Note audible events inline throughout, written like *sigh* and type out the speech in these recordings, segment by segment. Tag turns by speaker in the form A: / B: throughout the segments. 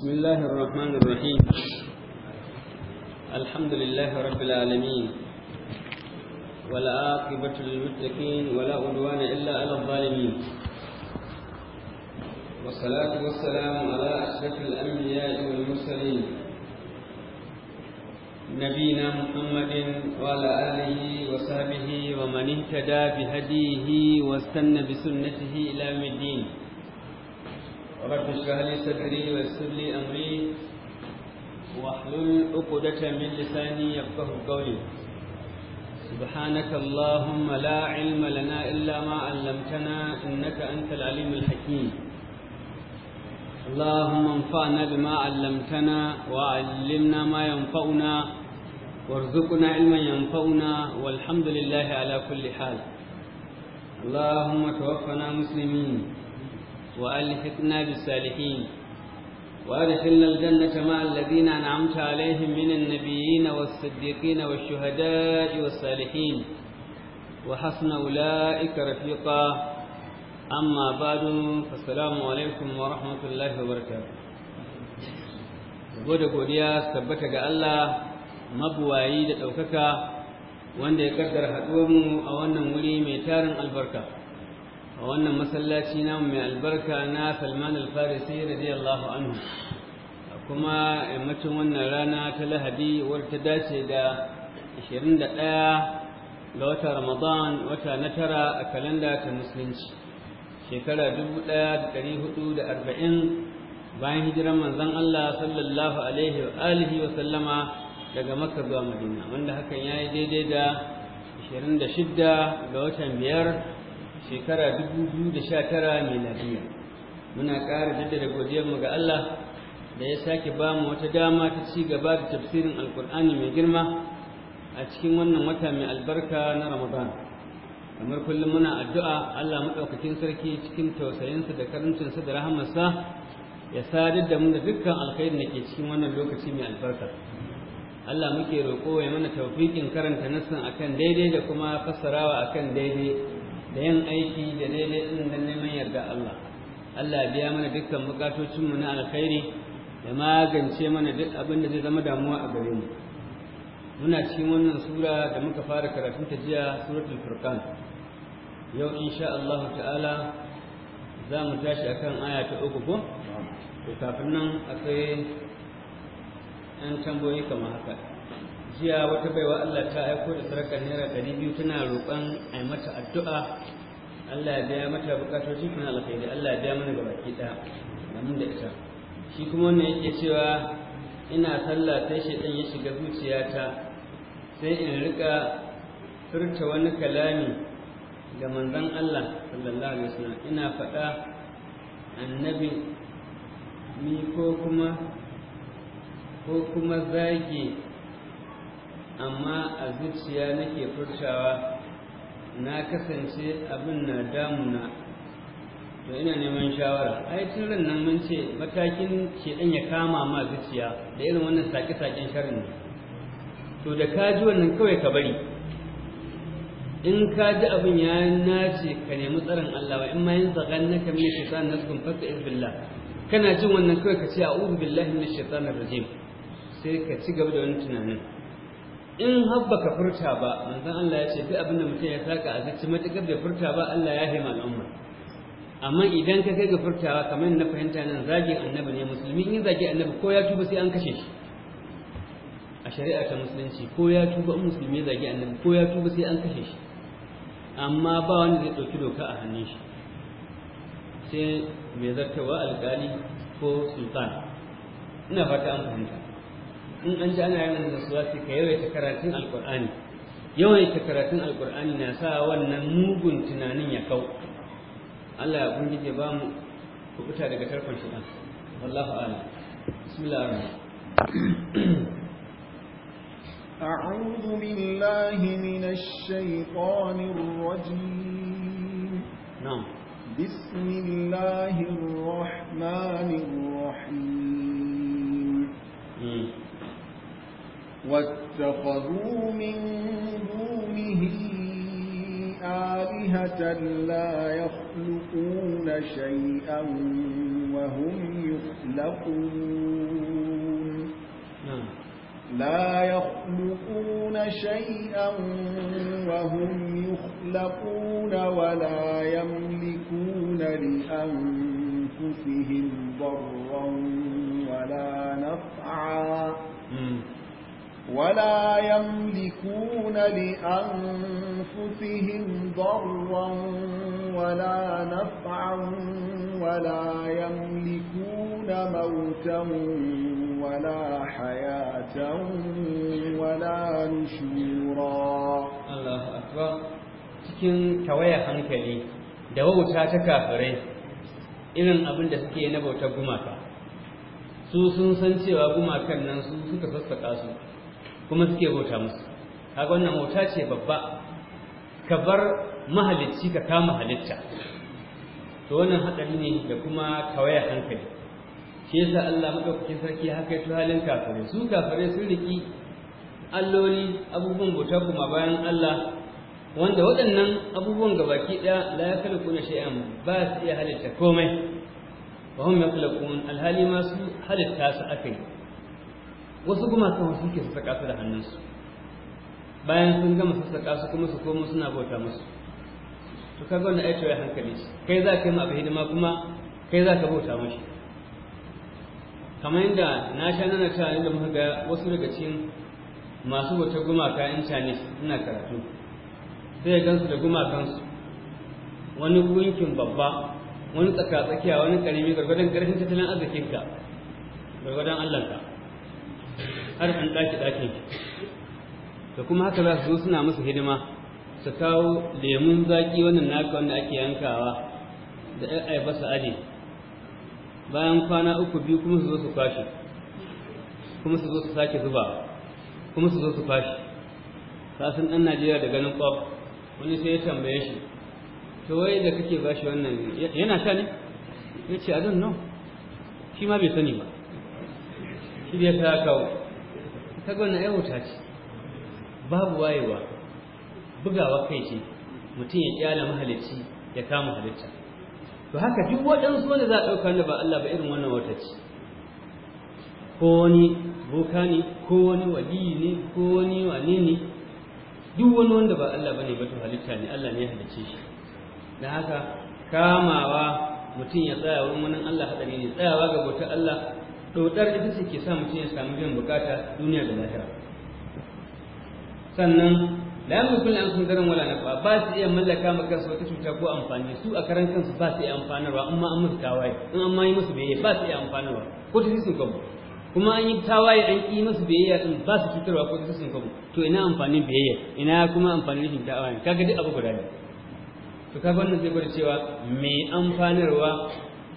A: بسم الله الرحمن الرحيم الحمد لله رب العالمين ولا عاقبة للمتقين ولا عدوان إلا على الظالمين والصلاة
B: والسلام على أشرف
A: الأنبياء والمرسلين نبينا محمد وعلى آله وصحبه ومن اهتدى بهديه واستنى بسنته إلى يوم الدين رب اشرح لي صدري ويسر لي امري واحلل عقدة من لساني يفقه قولي سبحانك اللهم لا علم لنا الا ما علمتنا انك انت العليم الحكيم اللهم انفعنا بما علمتنا وعلمنا ما ينفعنا وارزقنا علما ينفعنا والحمد لله على كل حال اللهم توفنا مسلمين وألحقنا بالصالحين وأدخلنا الجنة مع الذين أنعمت عليهم من النبيين والصديقين والشهداء والصالحين وحسن أولئك رفيقا أما بعد فالسلام عليكم ورحمة الله وبركاته gode godiya tabbata ga Allah mabuwayi da ɗaukaka wanda ya kaddara haɗuwar mu a wannan wuri mai tarin albarka a wannan masallaci namu mai albarka na salman alfarisi radiyallahu anhu kuma yammacin wannan rana ta lahadi wadda ta dace da 21 ga watan ramadan wata na tara a kalanda ta musulunci shekara 1440 bayan hijiran manzon Allah sallallahu alaihi wa alihi wa sallama daga makka zuwa madina wanda hakan yayi daidai da 26 ga watan biyar shekara 2019 miladiya muna ƙara jaddada godiyarmu ga Allah da ya sake ba mu wata dama ta ci gaba da tafsirin alkur'ani mai girma a cikin wannan wata mai albarka na ramadan kamar kullum muna addu'a Allah maɗaukakin sarki cikin tausayinsa da karancinsa da rahamarsa ya sadar da mu da dukkan alkhairin da ke cikin wannan lokaci mai albarka Allah muke roƙo ya mana tawfiqin karanta nassan akan daidai da kuma fassarawa akan daidai da yin aiki da daidai ɗin da neman yarda Allah Allah biya mana dukkan bukatocinmu na alkhairi da magance mana duk abin da zai zama damuwa a gare mu muna cikin wannan sura da muka fara karatun ta jiya suratul furqan yau insha Allah ta'ala za mu tashi akan aya ta uku ko to kafin nan akwai 'yan tambayoyi kamar haka jiya wata baiwa Allah ta aiko da sarakar naira ɗari biyu tana roƙon a yi mata addu'a Allah ya biya mata bukatoci kuma alkhairi Allah ya biya mana gaba baki ɗaya amin da ita shi kuma wannan yake cewa ina sallah sai shaitan ya shiga zuciyata sai in rika furta wani kalami ga manzon Allah sallallahu alaihi wasallam ina faɗa annabi ni ko kuma ko kuma zage amma a zuciya nake furtawa na kasance abin na damuna to ina neman shawara ai tun ran nan mun ce matakin shedan ya kama ma zuciya da irin wannan sake-saken sharrin ne to da ka ji wannan kawai ka bari in ka ji abin ya nace ka nemi tsarin Allah wa in ma yin zagan na kamar shaitan nasbun fasta izbillah kana jin wannan kawai ka ce a'udhu billahi minash shaitanir rajim sai ka ci gaba da wani tunanin in habba ka furta ba manzon Allah ya ce duk abin da mutum ya saka a zuci matukar bai furta ba Allah ya hima al'umma amma idan ka kai ga furtawa kamar na fahimta nan zagin annabi ne musulmi in zagi annabi ko ya tuba sai an kashe shi a shari'a ta musulunci ko ya tuba in musulmi ya zagi annabi ko ya tuba sai an kashe shi amma ba wanda zai ɗauki doka a hannun shi sai mai zartawa alƙali ko sultan ina fata an fahimta in an ji ana yawan nasuwa sai ka yawaita karatun alkur'ani yawaita karatun alkur'ani na sa wannan mugun tunanin ya kau Allah ya bungije ba mu kubuta daga tarkon shi ɗan wallahu a'lam bismillah
B: أعوذ بالله من الشيطان الرجيم نعم بسم الله الرحمن الرحيم واتخذوا من دونه آلهة لا يخلقون شيئا وهم يخلقون نعم. لا يخلقون شيئا وهم يخلقون ولا يملكون لأنفسهم ضرا ولا نفعا ولا يملكون لأنفسهم ضرا ولا نفعا ولا يملكون موتا ولا حياة ولا نشورا
A: الله أكبر cikin tawaya hankali da wauta ta kafirai irin abin da suke na bautar gumaka su sun san cewa gumakan nan su suka sassaƙa su kuma suke bauta musu kaga wannan bauta ce babba ka bar mahalicci ka kama halitta to wannan hatsari ne da kuma kawaya hankali shi yasa Allah madaukakin sarki haka ya halin kafare. su kafare sun riki alloli abubuwan bauta kuma bayan Allah wanda waɗannan abubuwan gabaki ɗaya la ya kalku na shay'an ba su iya halitta komai wa hum yakhluqun alhali masu halitta su akai wasu gumakan wasu suke sassaƙa su da hannunsu bayan sun gama sassaƙa su kuma su komo suna bauta musu to kaga wani ai ya hankali kai za ka yi abu hidima kuma kai za ka bauta mashi kamar yadda na sha nana ta da muka ga wasu daga cikin masu bauta gumaka in chinese ina karatu sai ya gansu da gumakansu wani gunkin babba wani tsaka tsakiya wani karimi gargadon karfin tattalin arzikinka gargadon ka. har an ɗaki ɗakin da kuma haka za su zo suna musu hidima su kawo lemun zaƙi wannan naka wanda ake yankawa da ɗan aibasa aji bayan kwana uku biyu kuma su zo su kwashe kuma su zo su sake zuba kuma su zo su kwashe kasan ɗan najeriya da ganin ƙwaf wani sai ya tambaye shi to wai da kake ba shi wannan yana sha ne ya ce i don't know shi ma bai sani ba shi ya ya kawo kaga wannan ai wuta ce babu wayewa bugawa kai ce mutum ya kyala mahalicci ya kama halitta to haka duk waɗansu wanda za a ɗauka wanda ba Allah ba irin wannan wata ce ko wani boka ne ko wani waliyi ne ko wani wane ne duk wani wanda ba Allah ba ba to halitta ne Allah ne ya halicce shi Da haka kamawa mutum ya tsaya wurin wani Allah hadari ne tsayawa ga bautar Allah dodar ita ce ke sa mutum ya samu biyan bukata duniya da lahira sannan la yamlikun sun sundaran wala nafa ba su iya mallaka maka kansu wata cuta ko amfani su a karan kansu ba su iya amfanarwa amma an musu tawaye in an ma yi musu biyayya ba su iya amfanarwa ko ta sun kabu kuma an yi tawaye an yi musu biyayya din ba su cutarwa ko ta sun kabu to ina amfanin biyayya ina kuma amfanin rashin tawaye kaga duk abu guda ne to kaga wannan zai gwada cewa mai amfanarwa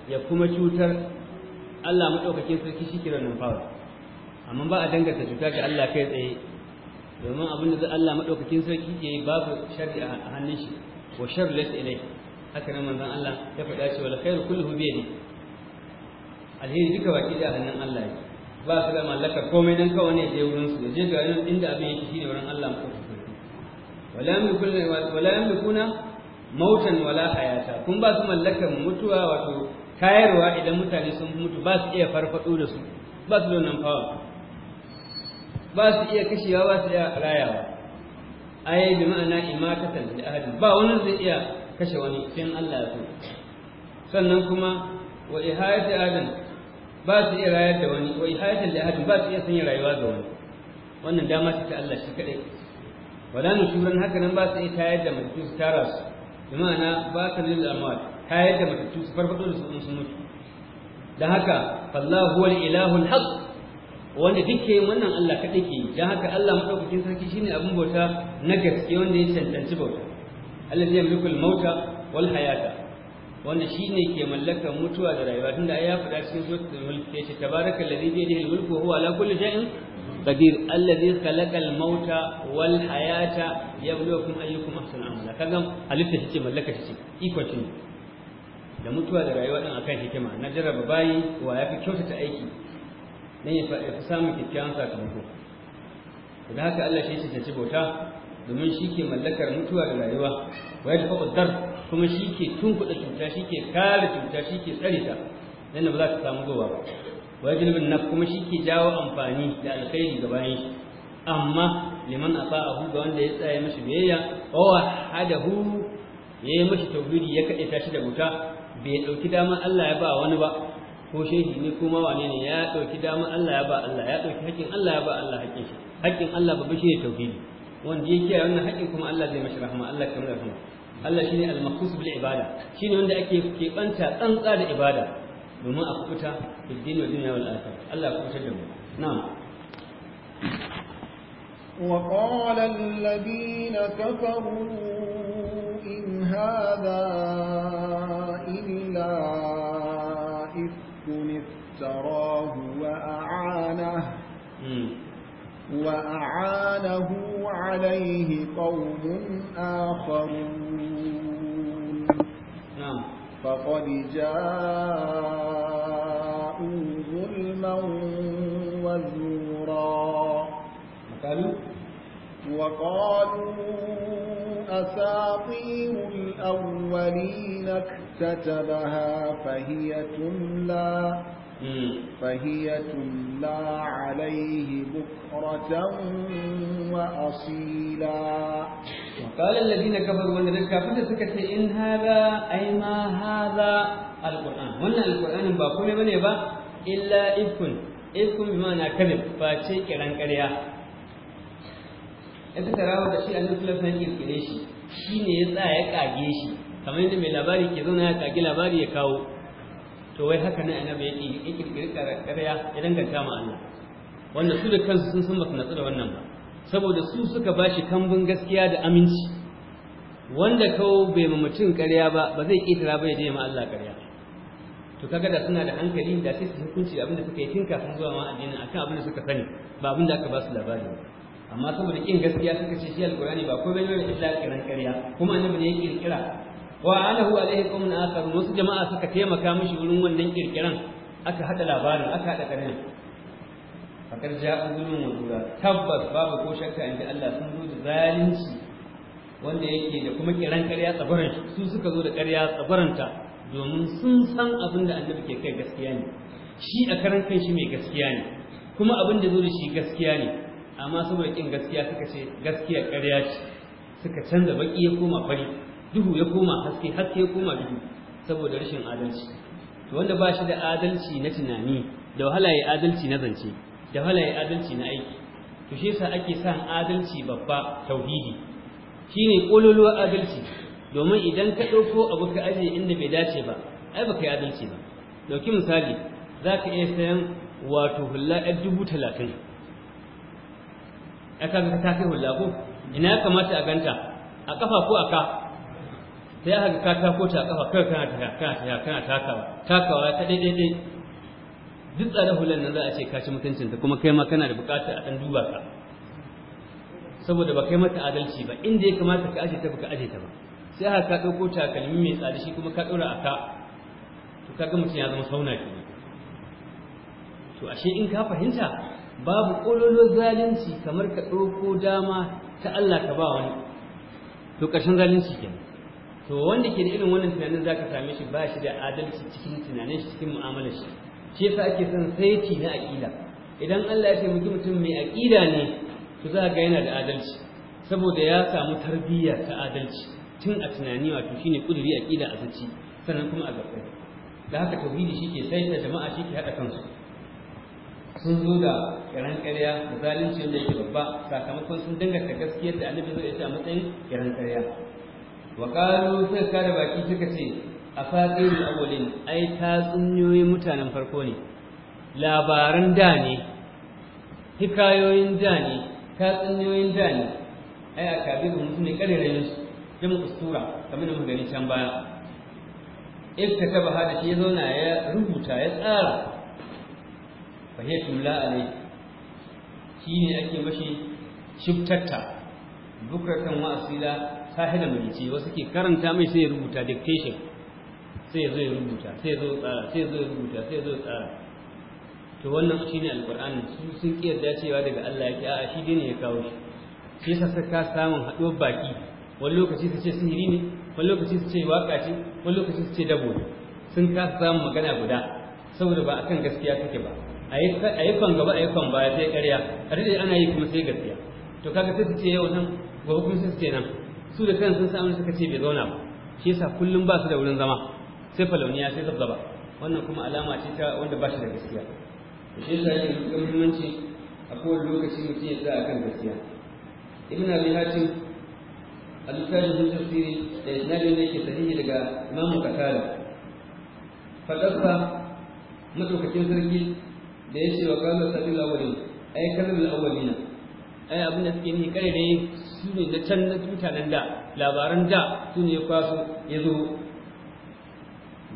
A: ya kuma cutar Allah maɗaukakin sarki shi kiran numfawa amma ba a danganta cuta ga Allah kai tsaye domin abin da Allah maɗaukakin sarki ke yi babu sharri a hannun shi wa sharri laysa ilayhi haka nan manzon Allah ya faɗa shi la khairu kulluhu bi yadihi alheri duka baki da hannun Allah ne ba su da mallaka komai dan kawai ne je wurin su je ga inda abin yake shine wurin Allah maɗaukakin sarki wala yamlikuna wala yamlikuna mautan wala hayata kun ba su mallakan mutuwa wato tayarwa idan mutane sun mutu ba su iya farfado da su ba su da fawa ba su iya kashewa ba su iya rayawa ai bi ma'ana imatatan da ahadin ba wani zai iya kashe wani sai Allah ya so sannan kuma wa ihayat ahadin ba su iya rayar da wani wa ihayat ahadin ba su iya sanya rayuwa ga wani wannan dama ce ta Allah shi kadai wala nushuran haka nan ba su iya tayar da mutum su tara su bi ma'ana ba ta lil amal tayar da matattu su farfado da su sun mutu dan haka fallahu wal ilahul haqq wanda duke wannan Allah kaɗai ke yi don haka Allah maɗaukakin sarki shine abin bauta na gaske wanda ya cancanci bauta Allah zai mulku mauta wal hayata wanda shine ke mallaka mutuwa da rayuwa tunda ai ya faɗa cikin suratul mulk ya ce tabarakal ladzi bi yadihi mulku huwa ala kulli shay'in qadir alladhi khalaqa al mauta wal hayata yabluwakum ayyukum ahsanu amala kaga ta ce, mallaka take iko ne da mutuwa da rayuwa din akan hikima na jarraba bayi wa ya fi kyautata aiki dan ya fi samun kyakkyawan sakamako da haka Allah shi ya ci bauta domin shi ke mallakar mutuwa da rayuwa wa ya tafi dar kuma shi ke tunkuɗa cuta shi ke kare cuta shi ke tsare ta yadda ba za ta samu gowa ba wa ya jinubin kuma shi ke jawo amfani da alkhairi ga bayan shi amma liman ata'ahu ga wanda ya tsaya mashi biyayya wa wahadahu ya yi mashi tauhidi ya kaɗe tashi da wuta bai ɗauki damar Allah ya ba wani ba ko shehi ne kuma wane ne ya ɗauki damar Allah ya ba Allah ya ɗauki haƙƙin Allah ya ba Allah haƙƙin shi haƙƙin Allah babba shi ne tauhidi wanda ya kiyaye wannan haƙƙin kuma Allah zai mashi rahama Allah kamar rahama Allah shine al-makhsus bil ibada shine wanda ake keɓanta tsantsa da ibada domin a kubuta fid din wa dunya wal akhirah Allah ya kubutar da mu na'am
B: وقال الذين كفروا إن هذا إلا إفك افتراه وأعانه وأعانه عليه قوم آخرون نعم فقد جاءوا ظلما وزورا وقالوا أساطير الأولين اكتتبها فهي تملى فهي تملى عليه بكرة وأصيلا
A: وقال الذين كفروا والذين كفروا
B: سكت إن هذا أي
A: ما هذا القرآن هنا القرآن باكون من يبا إلا إفكن إفكن بمعنى كذب فاتشي كران كريا ya suka rawa da shi a sallallahu alaihi wasallam ne shi shi ne ya tsaya ya kage shi kamar yadda mai labari ke zauna ya kage labari ya kawo to wai haka na, annabi yake ya kirkiri karya ya danganta ma Allah wanda su da kansu sun san basu natsu da wannan ba saboda su suka bashi kambun gaskiya da aminci wanda kawo bai ma mutum karya ba ba zai ƙetara ba ya je ma Allah karya to kaga da suna da hankali da sai su hukunci abin suka yi tinka sun zuwa ma addinin akan abin da suka sani ba abin aka ba su labari ba amma saboda kin gaskiya suka ce shi alqur'ani ba komai bane illa kiran ƙarya kuma annabi ne ya kirkira wa alahu alaihi qawmun akhar wasu jama'a suka taimaka mishi wurin wannan kirkiran aka hada labarin aka hada ƙarya fakar ja'a zulmun wa zura tabbas babu ko shakka inda Allah sun zo da zalunci wanda yake da kuma kiran ƙarya tsabaran su suka zo da ƙarya tsabaranta domin sun san abin da annabi ke kai gaskiya ne shi a karan kanshi mai gaskiya ne kuma abin da zo da shi gaskiya ne amma saboda kin gaskiya suka ce gaskiya ƙarya ce suka canza baki ya koma fari duhu ya koma haske haske ya koma duhu saboda rashin adalci to wanda ba shi da adalci na tunani da wahala ya adalci na zance da wahala ya adalci na aiki to shi yasa ake son adalci babba tauhidi shine kololuwa adalci domin idan ka ɗauko abu ka ajiye inda bai dace ba ai baka yi adalci ba dauki misali za ka iya sayan wato hulla ɗan dubu talatin a kaga ta kai hulla ko ina ya kamata a ganta a kafa ko a ka sai aka ka ta ko ta a kafa kai kana ta kana ta kana takawa takawa ta dai dai duk tsare hulan nan za a ce kashi mutuncin ta kuma kai ma kana da bukatar a dan duba ka saboda ba kai mata adalci ba inda ya kamata ka aje ta ka aje ta ba sai aka ka dauko kalmi mai tsada shi kuma ka dora a ka to kaga mutum ya zama sauna kenan to ashe in ka fahimta babu ƙololo zalunci kamar ka ɗauko dama ta Allah ka ba wani to ƙarshen zalunci kenan to wanda ke da irin wannan tunanin za ka same shi ba shi da adalci cikin tunanin shi cikin mu'amalar shi shi yasa ake son saiti na aƙida idan Allah ya taimaki mutum mai aƙida ne to za ga yana da adalci saboda ya samu tarbiyya ta adalci tun a tunani wato shine kuduri aƙida a zuci sannan kuma a gaba da haka tauhidi shi ke sai da jama'a shi ke haɗa kansu sun zo da kiran ƙarya da zalunci wanda yake babba sakamakon sun danganta gaskiyar da annabi zai ce a matsayin kiran ƙarya wa qalu suka da baki suka ce afatir awwalin ai tsunyoyi mutanen farko ne labaran da ne hikayoyin da ne tsunyoyin da ne ai akabiru mutum ne kare rayin su jama kamar da gani can baya in ka taba hada shi ya zauna ya rubuta ya tsara fa hiya ne shi ne ake mashi shiftatta bukratan wa ta sahila malice wasu ke karanta mai sai ya rubuta dictation sai ya zo ya rubuta sai ya zo tsara sai ya zo ya rubuta sai ya zo tsara to wannan ne alqur'ani su sun kiyarda cewa daga Allah yake a'a shi dai ne ya kawo shi shi yasa ka samun haɗuwar baki wani lokaci su ce sihiri ne wani lokaci su ce waƙa ce wani lokaci su ce dabo sun kasa samun magana guda saboda ba akan gaskiya take ba ayyukan gaba ayyukan baya sai ƙarya a dade ana yi kuma sai gaskiya to kaga sai su ce yau nan gobe kuma sai su ce nan su da kansu sun samu suka ce bai zauna ba shi yasa kullum ba su da wurin zama sai falauniya sai zabzaba wannan kuma alama ce ta wanda ba shi da gaskiya to shi yasa yake da muhimmanci a kowane lokaci mutum ya tsaya kan gaskiya ibn abi hatim al-tajid tafsiri da isnadin da yake sahihi daga imamu qatada fadassa madaukakin sarki da ya ce wa yi sabil awwalin ai na, a ai abin da suke ni kai ya su ne da can na mutanen da labaran da su ne ya kwaso ya zo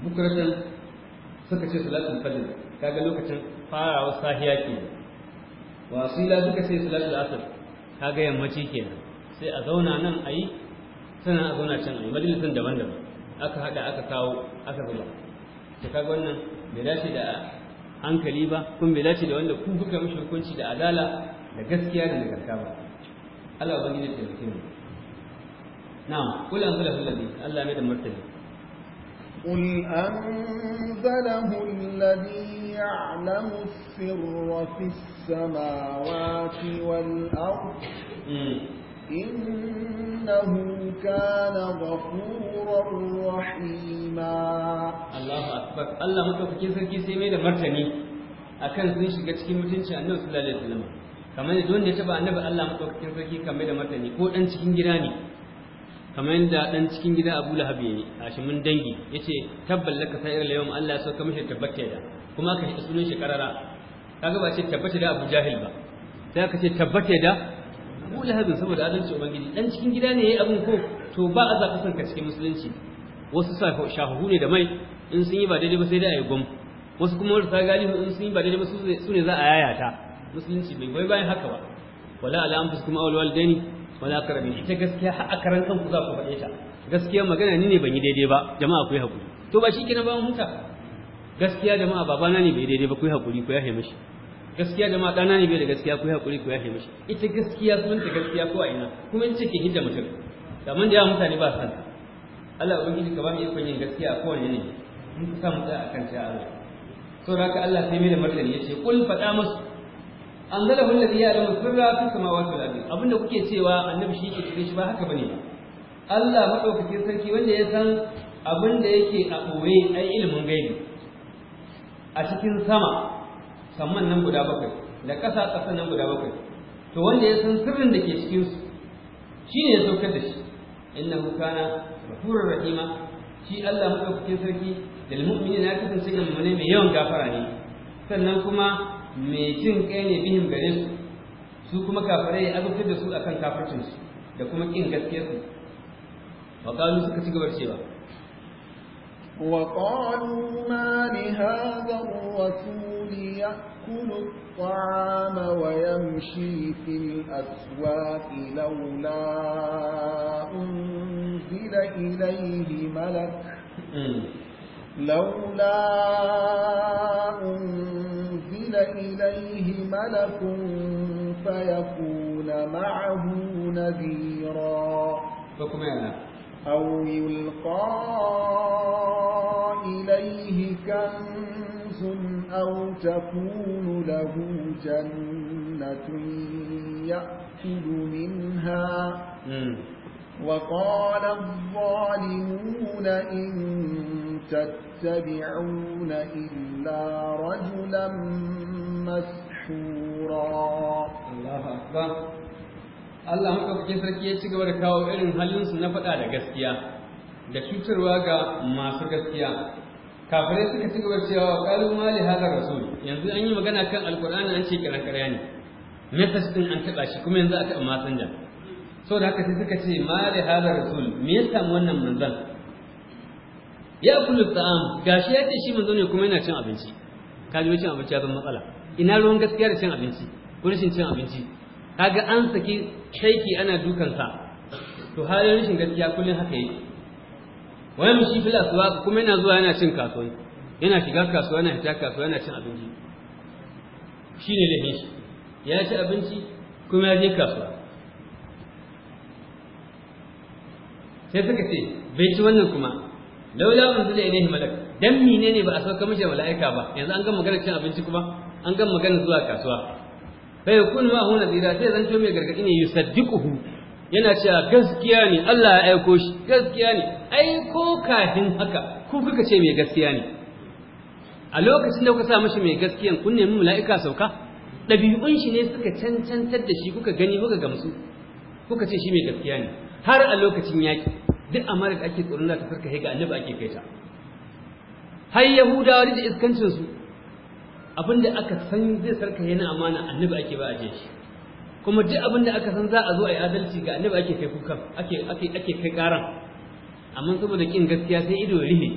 A: bukuratan suka ce salatul fajr kaga lokacin farawa sahiya kenan wasila suka ce salatul asar, kaga yammaci kenan sai a zauna nan a yi suna a zauna can a yi majalisun daban-daban aka haɗa aka kawo aka zuba ta kaga wannan bai dace da hankali ba kun bai dace da wanda kun kuka mishi hukunci da adala da gaskiya da nagarta ba Allah ubangiji ya taimake mu na'am qul anzalahu alladhi Allah ne da martani
B: قل أنزله الذي يعلم السر في السماوات والأرض إنه كان غفورا رحيما
A: الله أكبر الله مكفكين سركي سيمي da martani akan sun shiga cikin mutunci Annabi sallallahu alaihi wasallam kamar da wanda ya taba Annabi Allah mutaukakin sarki kamar da martani ko dan cikin gida ne kamar yadda dan cikin gida Abu Lahab yayi mun dangi yace tabballaka sa'ir irin yawm Allah ya sauka mishi tabbata da kuma ka shi sunan shi karara kaga ba ce tabbata da Abu Jahil ba sai ka ce tabbata da abu lahabin saboda adalci ubangiji dan cikin gida ne yayi abin ko to ba a zaɓi son ka cikin musulunci wasu shahuhu ne da mai in sun yi ba daidai ba sai dai a yi gwam wasu kuma marasa galihu in sun yi ba daidai ba su ne za a yayata musulunci bai bai bayan haka ba wala ala anfus kuma awal walidaini wala karabin ita gaskiya har a karan kanku za ku faɗe ta gaskiya magana ni ne ban yi daidai ba jama'a ku yi hakuri to ba shi kina ba mun huta gaskiya jama'a babana ne bai daidai ba ku yi hakuri ku yahe mishi gaskiya jama'a ɗana ne bai da gaskiya ko ya hakuri ko ya shi mishi ita gaskiya sun ta gaskiya ko a ina kuma in ce ke hidda mutum kamar da yawa mutane ba san Allah ubangi ka ba mu ikon yin gaskiya ko wani ne mun ka samu tsaya akan ta Allah saboda haka Allah sai mai da martani yace kul faɗa musu anzalahu alladhi lamu sirra fi samawati wal ardi abinda kuke cewa annabi shi ke cikin shi ba haka bane Allah madaukakin sarki wanda ya san abin da yake a ɓoye ai ilimin gaibi a cikin sama samman nan guda bakwai da ƙasa ƙasa nan guda bakwai to wanda ya san sirrin da ke cikin su ne ya saukar da shi Inna kana ghafurur rahima shi Allah madaukakin sarki da mu'minina ya kasance ga mu'mini mai yawan gafara ne sannan kuma mai cin kai ne bihin gare su su kuma kafirai ya azabtar da su akan kafircin su da kuma kin gaskiyar su wa suka ci gaba cewa
B: وقالوا ما لهذا الرسول يأكل الطعام ويمشي في الأسواق لولا أنزل إليه ملك لولا أنزل إليه ملك فيكون معه نذيرا أو يلقى إليه كنز أو تكون له جنة يأكل منها وقال الظالمون إن تتبعون إلا رجلا مسحورا الله أكبر Allah maɗaukakin sarki
A: ya ci gaba da kawo irin halinsu na faɗa da gaskiya da cutarwa ga masu gaskiya kafirai suka ci gaba cewa qalu mali li rasu. rasul yanzu an yi magana kan alƙur'ani an ce kiran karya ne message din an taɓa shi kuma yanzu aka amma sanja da haka sai suka ce mali li rasu rasul me ya samu wannan manzan ya kullu ta'am gashi ya ce shi manzo ne kuma yana cin abinci kaji cin abinci ya zama matsala ina ruwan gaskiya da cin abinci ko rashin cin abinci kaga an saki shaiki ana dukansa to halin rashin gaskiya kullum haka yake mu shi fil aswaq kuma yana zuwa yana cin kasuwa yana shiga kasuwa yana fita kasuwa yana cin abinci ne lahin shi ya ci abinci kuma ya je kasuwa sai suka ce bai ci wannan kuma laula unzila ilayhi malak dan menene ba a sauka mishi mala'ika ba yanzu an ga magana cin abinci kuma an ga magana zuwa kasuwa fa kun ma huna zira sai zanto mai gargadi ne yusaddiquhu yana cewa gaskiya ne Allah ya aiko shi gaskiya ne aiko kafin haka ku kuka ce mai gaskiya ne a lokacin da kuka sa mashi mai gaskiyan kun nemi mala'ika sauka ɗabi'un shi ne suka cancantar da shi kuka gani kuka gamsu kuka ce shi mai gaskiya ne har a lokacin yaki duk amara da ake tsoron da ta farka hega annabi ake kai ta har yahudawa da iskancin su abin da aka san zai sarka yana amana annabi ake ba a je shi kuma duk abin da aka san za a zo a yi adalci ga annabi ake kai kuka ake ake ake kai karan amma saboda kin gaskiya sai ido rihe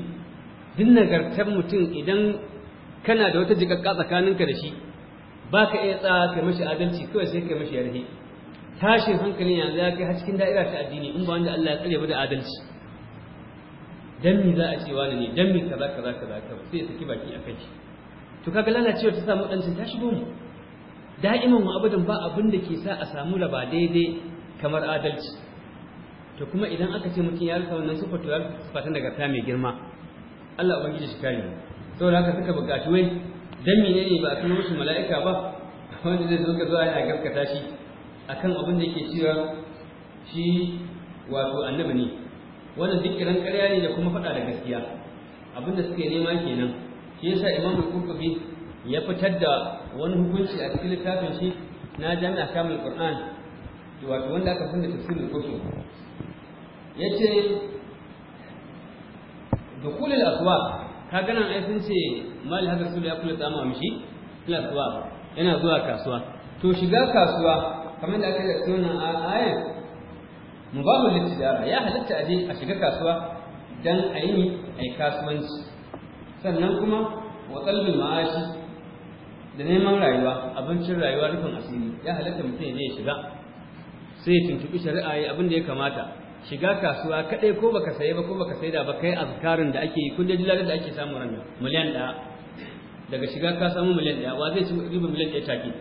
A: duk nagartar mutum idan kana da wata jikakka tsakaninka da shi baka iya tsaya kai mashi adalci kawai sai kai mashi yarhe tashin hankalin yanzu ya kai har cikin da'ira ta addini in ba wanda Allah ya tsare ba da adalci dan me za a ce wani ne dan me kaza kaza kaza sai ya saki baki a kai to kaga lalacewa ta samu ɗancin ta shigo ne da'iman wa abadan ba abin da ke sa a samu raba daidai kamar adalci to kuma idan aka ce mutum ya rufa wannan sifa to ya ta daga ta mai girma Allah ubangiji shi kare saboda haka suka buƙaci wai dan menene ba a tuno musu mala'ika ba *laughs* wanda zai zo ga zuwa yana gaskata shi akan abin da yake cewa shi wato annabi ne wannan duk irin ƙarya ne da kuma faɗa da gaskiya abin da suke nema kenan shi yasa imam al-qurtubi ya fitar da wani hukunci a cikin littafin shi na jami'a kamul qur'an wato wanda aka sanda tafsirul qurtubi yace da al-aswaq kaga nan ai sun ce mal hadar sul ya kula tsama mishi al aswa yana zuwa kasuwa to shiga kasuwa kamar da aka yi da a ayan mubahul tijara ya halatta aje a shiga kasuwa dan ayi ai kasuwanci sannan kuma wa qalbi ma'ashi da neman rayuwa abincin rayuwa rufin asiri ya halatta mutum ya je ya shiga sai ya tuntuɓi shari'a ya abin da ya kamata shiga kasuwa kaɗai ko baka saye ba ko baka da ba kai azkarin da ake yi kundin jilalar da ake samu ranar miliyan ɗaya daga shiga ka samu miliyan ɗaya wa zai ci ba miliyan ɗaya take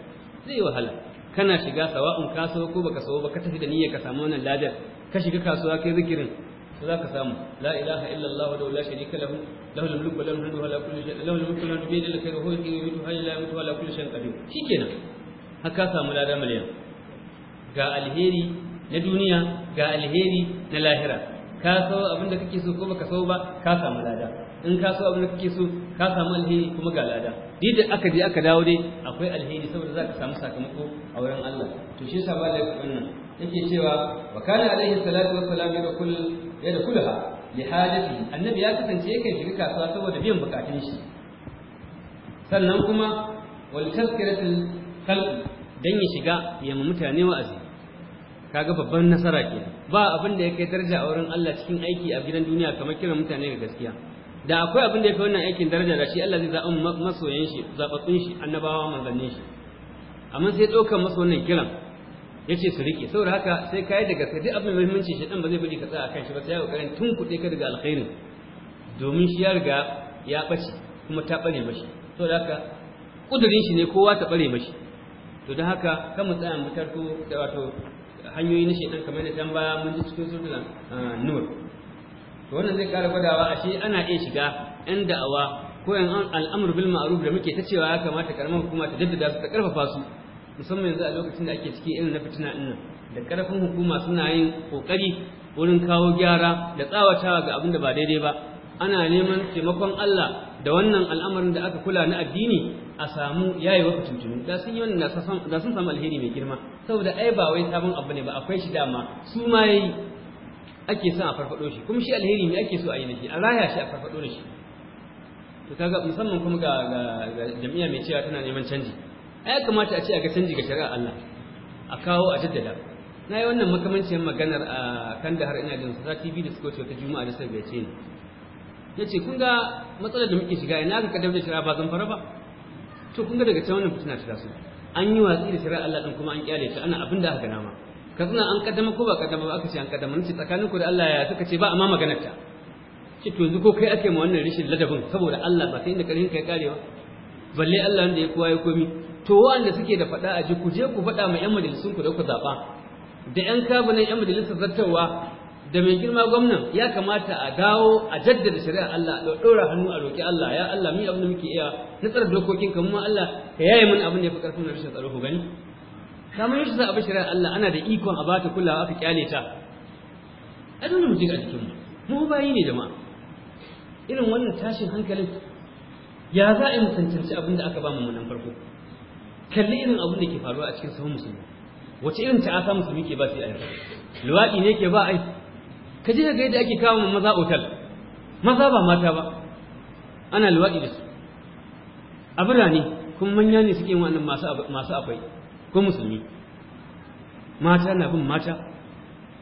A: zai yi wahala kana shiga sawa'un ka ko ko baka sawo ba ka tafi da niyyar ka samu wannan ladar ka shiga kasuwa kai zikirin za ka samu la ilaha illallah wa la sharika lahu al mulku wa al hamdu wa la kulli shay'in al mulku wa al hamdu bi yadihi khayru huwa yuhyi wa yumiitu wa la kulli shay'in qadir shikenan haka samu lada miliyan ga alheri na duniya ga alheri na lahira ka so abinda kake so ko baka so ba ka samu lada in ka so abin da kake so ka samu alheri kuma ga lada duk da aka je aka dawo dai akwai alheri saboda za ka samu sakamako a wurin Allah to shi yasa ba laifin nan. yake cewa wa kana alaihi salatu wassalam ya kul ya da kulha li hajati annabi ya kasance yake shiga kasuwa saboda biyan bukatun shi sannan kuma wal tazkiratu khalq dan ya shiga ya mu mutane wa'azi kaga babban nasara ke ba abin da ya kai daraja a wurin Allah cikin aiki a gidan duniya kamar kiran mutane ga gaskiya da akwai abin da ya kai wannan aikin daraja da shi Allah zai zaɓi masoyan shi zaɓaɓɓun shi annabawa manzannin shi amma sai ɗaukar masa wannan kiran ya ce su riƙe saboda haka sai ka yi daga sai duk abin muhimmanci shi ɗan ba zai bari ka tsaya a kan shi ba sai ya ƙoƙarin tun kuɗe ka daga alkhairin domin shi ya riga ya ɓace kuma ta ɓare mashi saboda haka ƙudurin shi ne kowa ta ɓare mashi to don haka kan mu tsaya mu tarko da wato hanyoyi na shaidan kamar yadda can baya mun ji cikin suratul nur to wannan zai kara gwadawa ashe ana iya shiga yan da'awa ko yan al'amur bil ma'ruf da muke ta cewa ya kamata karamar hukuma ta jaddada su ta karfafa su musamman yanzu a lokacin da ake ciki irin na fitina ɗin da ƙarfin hukuma suna yin ƙoƙari wurin kawo gyara da tsawatawa ga abin da ba daidai ba ana neman taimakon Allah da wannan al'amarin da aka kula na addini a samu yayi wa tuntuni da sun yi wannan da sun samu alheri mai girma saboda ai ba wai sabon abu ne ba akwai shi dama su ma yayi ake son a farfado shi kuma shi alheri ne ake so a yi da shi a raya shi a farfado da shi to kaga musamman kuma ga jami'a mai cewa tana neman canji ya kamata a ce a ga canji ga shari'a Allah a kawo a jaddada na yi wannan makamancin maganar a kan da har ina jin sa TV da suka ta juma'a da sabiya ce ne ya ce kun ga matsalar da muke shiga ina ga kadar da shari'a ba zan fara ba to kun ga daga can wannan fitina shiga su an yi watsi da shari'a Allah din kuma an kyale ta ana abin da aka nama ka suna an kaddama ko ba kaddama ba aka ce an kaddama nace tsakaninku da Allah ya suka ce ba amma maganar ta ce to yanzu ko kai ake ma wannan rishin ladabin saboda Allah ba sai inda karin kai karewa balle Allah wanda ya kowa ya komi to wanda suke da faɗa a ji ku je ku faɗa ma 'yan majalisun ku da ku zaɓa da 'yan kabinan 'yan majalisun zartarwa da mai girma gwamnan ya kamata a dawo a jaddada shari'a Allah a ɗora hannu a roƙi Allah ya Allah mu abin da muke iya na tsara dokokin kamar ma Allah ka yaye mun abin da ya fi ƙarfin rashin tsaro ku gani kamar yadda za a bi shari'a Allah ana da ikon a bata kulawa aka kyale ta a dole mu ji a cikin mu mu bayi ne jama'a irin wannan tashin hankalin ya za a yi mu tantance abin da aka ba mu nan farko kalli irin abin da ke faruwa a cikin sahun musulmi wace irin ta'asa musulmi ke ba su yi luwaɗi ne ke ba ai ka ji daga yadda ake kawo maza otal maza ba mata ba ana luwaɗi da su a birane kuma manya ne suke wannan masu akwai ko musulmi mata na bin mata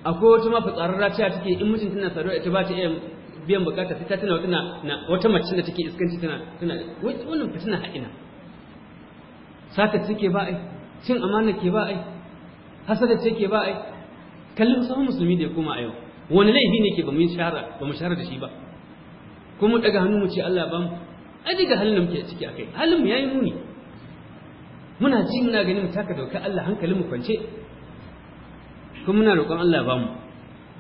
A: akwai wata mafi tsararra ta take in mijin tana saduwa ita ba ta iya biyan bukata sai ta tana wata mace da take iskanci tana tana wannan fitina ha'ina sata ce ke ba ai cin amana ke ba ai hasada ce ke ba ai kalli musamman musulmi da ya koma a yau wani laifi ne ke ba mu yi shara ba mu shara da shi ba kuma daga hannu mu ce Allah ba mu ai daga halin muke ciki akai halin mu yayi muni muna ji muna ganin mu taka dauka Allah hankalin mu kwance kuma muna roƙon Allah ba mu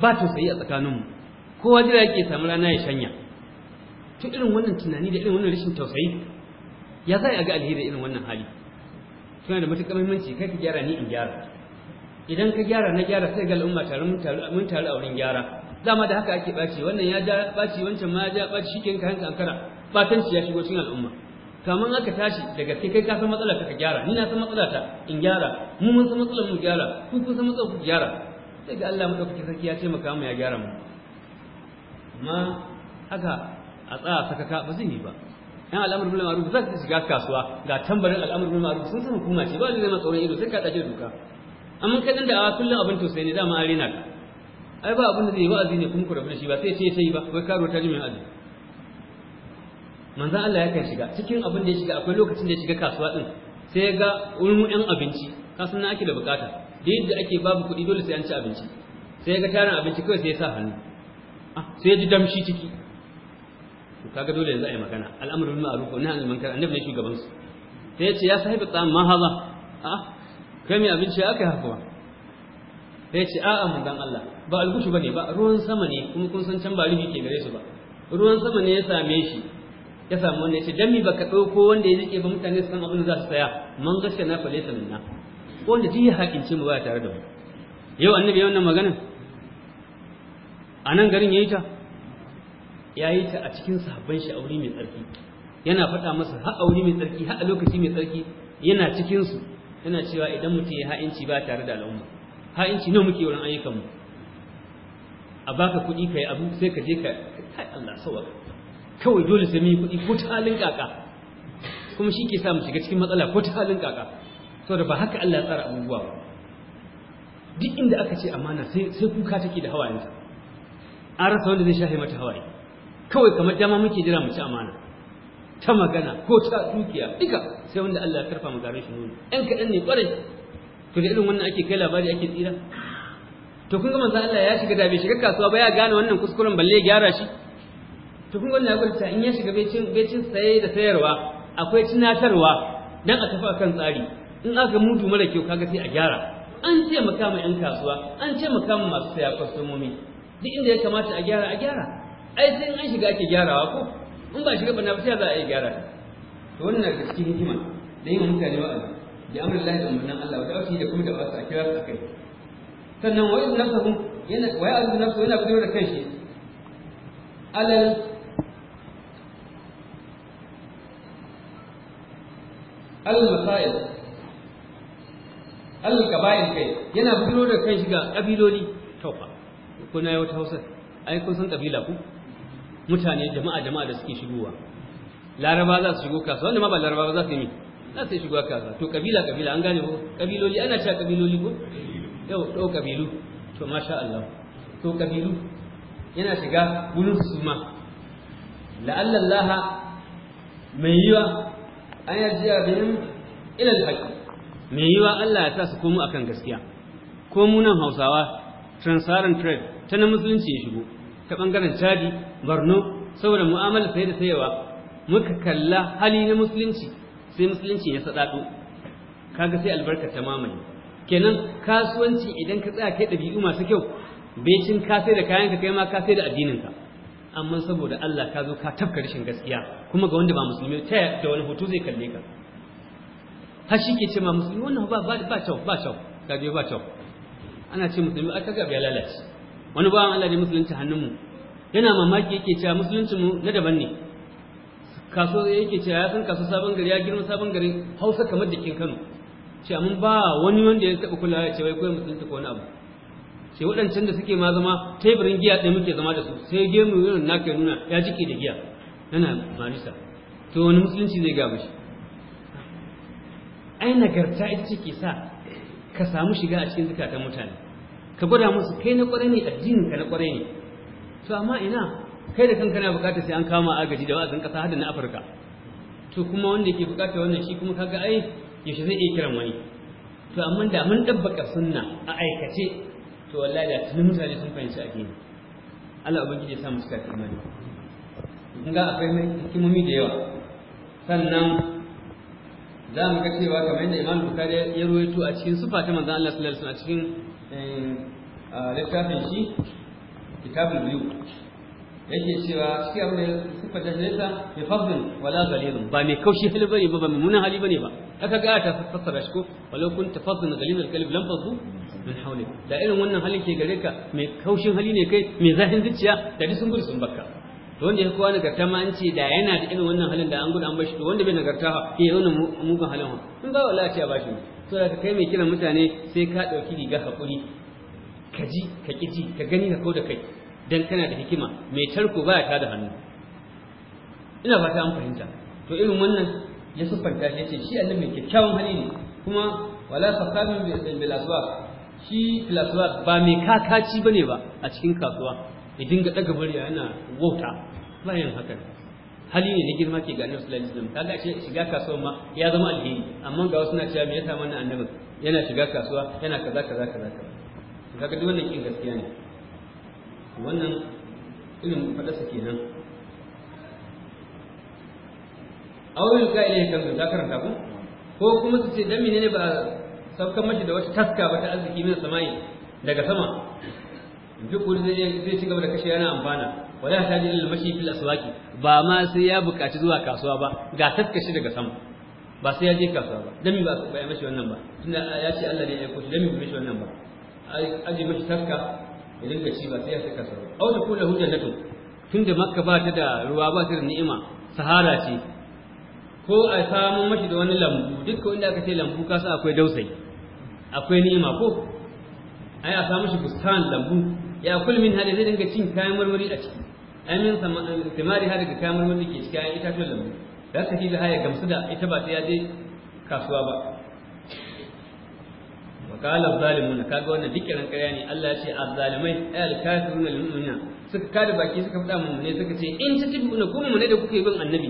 A: ba tausayi a tsakaninmu kowa jira yake samu rana ya shanya tun irin wannan tunani da irin wannan rashin tausayi ya za a ga alheri irin wannan hali suna da matuƙar muhimmanci kai ka gyara ni in gyara idan ka gyara na gyara sai ga al'umma tare mun taru a wurin gyara dama da haka ake ɓaci wannan ya ja ɓaci wancan ma ya ja ɓaci shi ke ka hanka ankara batanci ya shigo cikin al'umma kaman aka tashi daga sai kai ka san matsala ka gyara ni na san matsala ta in gyara mu mun san matsalar mu gyara ku kun san matsalar ku gyara sai ga Allah madaukakin sarki ya ce maka mu ya gyara mu amma haka a tsaya sakaka ba zai yi ba yan al'amur bil ma'ruf za su shiga kasuwa ga tambarin al'amur bil ma'ruf sun san hukuma ce ba zai ma tsoron ido sai ka dace duka amma kai dan da a kullun abin to sai ne dama arena ka ai ba abin da zai yi wa'azi ne kuma ku rabu da shi ba sai ce sai ba wai karo ta jimin azumi manzan Allah ya kan shiga cikin abin da ya shiga akwai lokacin da ya shiga kasuwa din sai ya ga ulmu yan abinci kasan na ake da bukata da yadda ake babu kuɗi dole sai an ci abinci sai ya ga tarin abinci kawai sai ya sa hannu ah, sai ya ji damshi ciki kaga dole yanzu ai magana al'amru bil ma'ruf wa nahyi anil munkar annabi ne shugaban su sai yace ya sahibi tsam ma haza a kai mai abinci aka hakuwa sai yace a'a mun dan Allah ba algushu bane ba ruwan sama ne kuma kun san can ba rufi ke gare su ba ruwan sama ne ya same shi ya samu wanda yace dan mi baka dauko wanda ya rike ba mutane su san abin da za su saya man gashi na falesa minna ko wanda ji ya hakince mu ba tare da mu yau annabi ya wannan magana a nan garin yayi ta ya yi ta a cikin sahabban shi aure mai tsarki yana faɗa masa ha aure mai tsarki ha a lokaci mai tsarki yana cikin su yana cewa idan mutum ya ha'inci ba tare da al'umma ha'inci nawa muke wurin ayyukan mu a baka kuɗi kai abu sai ka je ka kai Allah sawa kawai dole sai mun yi kuɗi ko ta halin kaka kuma shi ke sa mu shiga cikin matsala ko ta halin kaka saboda ba haka Allah ya tsara abubuwa ba duk inda aka ce amana sai kuka take da hawayenta an rasa wanda zai shafe mata hawaye kawai kamar dama muke jira mu ci amana ta magana ko ta dukiya duka sai wanda Allah ya karfa mu garin shi nuni ɗan kaɗan ne ƙwarai to da irin wannan ake kai labari ake tsira to kun ga manzo Allah ya shiga da bai shiga kasuwa ba ya gane wannan kuskuren balle ya gyara shi to kun ga wannan gurta in ya shiga bai cin bai saye da sayarwa akwai tunatarwa dan a tafi akan tsari in aka mutu mara kyau kaga sai a gyara an mu kama 'yan kasuwa an mu kama masu saya kwastomomi duk inda ya kamata a gyara a gyara ai sai an shiga ake gyarawa ko in ba shiga bana sai za a yi gyara to wannan da cikin hikima da yin mutane wa'azi da amrin Allah da umarnin Allah da auki da kuma da wasu a kira su akai sannan wa'azi nafsuhu yana wa'azi nafsuhu yana fito da kanshi alal al-masail
B: al-kaba'il kai yana fito
A: da kanshi ga kabiloli ko kuna yau ta Hausa ai kun san kabila ku mutane jama'a jama'a da suke shigowa laraba za su shigo kasuwa wanda ma ba laraba za su yi za su shigo kasuwa to kabila kabila an gane ko kabiloli ana cewa kabiloli ko yau to kabilu to masha Allah to kabilu yana shiga wurin su ma la'allallaha mai yiwa an yaji yarjiya bihim ila alhaq mai yiwa Allah ya sa su komo akan gaskiya ko mu nan Hausawa transparent trade ta na musulunci ya shigo ta bangaren chadi borno saboda mu'amalar sai da sayewa muka kalla hali na musulunci sai musulunci ya sadadu kaga sai albarka ta mamaye kenan kasuwanci idan ka tsaya kai ɗabi'u masu kyau becin ka sai da kayan ka kai ma ka sai da addinin ka amma saboda Allah ka zo ka tafka rashin gaskiya kuma ga wanda ba musulmi ta da wani hoto zai kalle ka har shi ke ce ma musulmi wannan ba ba ba kyau ba kyau ka je ba kyau ana ce musulmi aka ga ya lalace wani bawan Allah ne musulunci hannunmu yana mamaki yake cewa musulunci mu na daban ne kaso yake cewa ya san kaso sabon gari ya girma sabon gari Hausa kamar da Kano ce mun ba wani wanda ya taɓa kula ya ce wai koyi musulunci ko wani abu ce waɗancan da suke ma zama teburin giya ɗaya muke zama da su sai gemu irin naka nuna ya jike da giya yana marisa to wani musulunci zai gaba shi ai nagarta ita ce ke sa ka samu shiga a cikin zukatan mutane ka gwada musu kai na kwarai ne addinin ka na kwarai ne to amma ina kai da kanka na bukata sai an kama agaji da wa'azin kasa hada na afirka to kuma wanda yake bukata wannan shi kuma kaga ai yaushe zai iya kiran wani to amma da mun dabbaka sunna a aikace to wallahi da tuni mutane sun fahimci a gini Allah ubangiji ya sa mu suka imani kun ga akwai mai hikimomi da yawa sannan za mu ga cewa kamar yadda Imam Bukhari ya ruwaito a cikin sufa ta manzon Allah sallallahu alaihi wasallam a cikin Eh, littafin shi kitabul biyu yake cewa cikin abin da suka jajjata bi fadlin wala galilun ba mai kaushi hali bane ba ba mai munan hali bane ba Aka ga ta fassara shi ko walau kun tafaddin galilun kalib lam fadu min hawli da irin wannan halin ke gare ka mai kaushin hali ne kai mai zahin zuciya da duk sun gudu sun bakka to wanda ya kowa nagarta ma an ce da yana da irin wannan halin da an gudu an bashi to wanda bai nagarta ya eh, yi wannan mugun halin ha, in ba wala wallahi ya bashi ne so da kai mai kiran mutane sai ka ɗauki riga haƙuri ka ji ka ƙiji ka gani ka kauda kai dan kana da hikima mai tarko baya ta da hannu ina fata an fahimta to irin wannan ya siffanta shi yace shi annabi mai kyakkyawan hali ne kuma wala sakamin bil aswaq shi bil aswaq ba mai kakaci bane ba a cikin kasuwa ya dinga daga murya yana wauta bayan haka hali ne na girma ke ganin wasu sallallahu alaihi wasallam ce shiga kasuwa ma ya zama alheri amma ga wasu na cewa me yasa mana annabi yana shiga kasuwa yana kaza kaza kaza kaza kaga duk wannan kin gaskiya ne wannan irin nan? kenan awil ka ilai kan da karanta ku ko kuma su ce dan menene ba saukan mace da wata taska ba ta arziki mai samai daga sama duk wani zai ci gaba da kashe yana amfana wala yahtaj ila al-mashi fil aswaq ba ma sai ya bukaci zuwa kasuwa ba ga taskashi daga sama ba sai ya je kasuwa ba dan ba ba ya mashi wannan ba tunda ya ce Allah ne ya aiko dan ba mashi wannan ba aje mashi taska ya dinga ci ba sai ya saka kasuwa aw ta kula hujjatun tunda makka ba ta da ruwa ba ta da ni'ima sahara ce ko a samu mashi da wani lambu dukkan inda aka ce lambu kasa akwai dausayi akwai ni'ima ko ai a samu shi fuskan lambu ya kul min hada zai dinga cin kayan marmari a ciki amin samari har daga kayan marmari ke ciki kayan itatuwan lambu da ka fi haya gamsu da ita ba ta ya je kasuwa ba wakalar zalimuna kaga wannan dikiran ƙarya ne Allah ya ce azzalimai ay lil almu'mina suka kada baki suka fada mun ne suka ce in tatibuna kuma mun ne da kuke bin annabi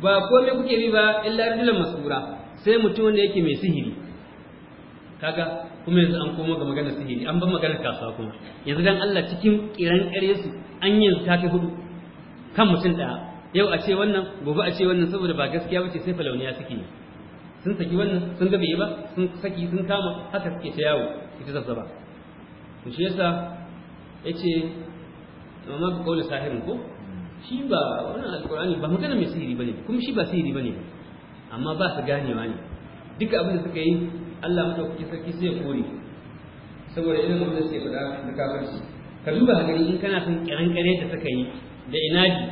A: ba komai kuke bi ba illa rajulan masura sai mutum da yake mai sihiri kaga kuma yanzu an koma ga magana sihiri an ban maganar kasuwa kuma yanzu dan Allah cikin kiran ƙarye su an yi ta kai hudu kan mutum ɗaya yau a ce wannan gobe a ce wannan saboda ba gaskiya ce sai falauniya suke ne. sun saki wannan sun ga bai ba sun saki sun kama haka suke ta yawo ita zazzaba to shi yasa yace amma ba kaula sahirin ko shi ba wannan alqur'ani ba magana mai sihiri bane kuma shi ba sihiri bane amma ba su ganewa ne duka abin da suka yi Allah madaukakin sarki sai ya kore saboda irin wanda sai faɗa da kafirci ka duba hakan, in kana son kiran kare da suka yi da inadi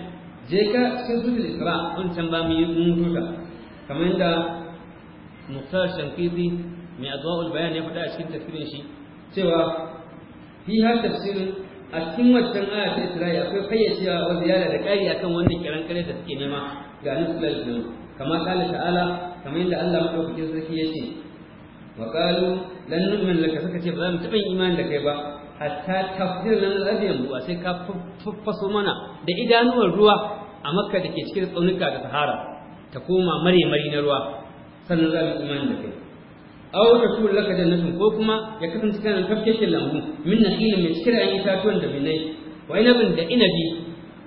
A: je ka sun su isra wancan ba mu yi mututa kamar yadda Muktar Shankiti mai azwa'ul bayan ya faɗa a cikin tafsirin shi cewa fi har tafsirin a cikin wancan aya ta Isra'i akwai fayyacewa wa ziyara da ƙari akan wannan kiran kare da suke nema ga nan sallallahu alaihi wasallam kamar Allah ta'ala kamar yadda Allah madaukakin sarki ya ce wa qalu lan nu'min laka ce ba za mu taɓa yin imani da kai ba hatta tafsir nan ardiyan ba sai ka faffaso mana da idanuwar ruwa a makka da ke cikin tsaunuka da sahara ta koma mare na ruwa sannan za mu imani da kai aw rasul laka jannatin ko kuma ya kasance kana tafkeshin lambu min naqilin mai cikin ayyukan itatuwan da binai wa inabin da inabi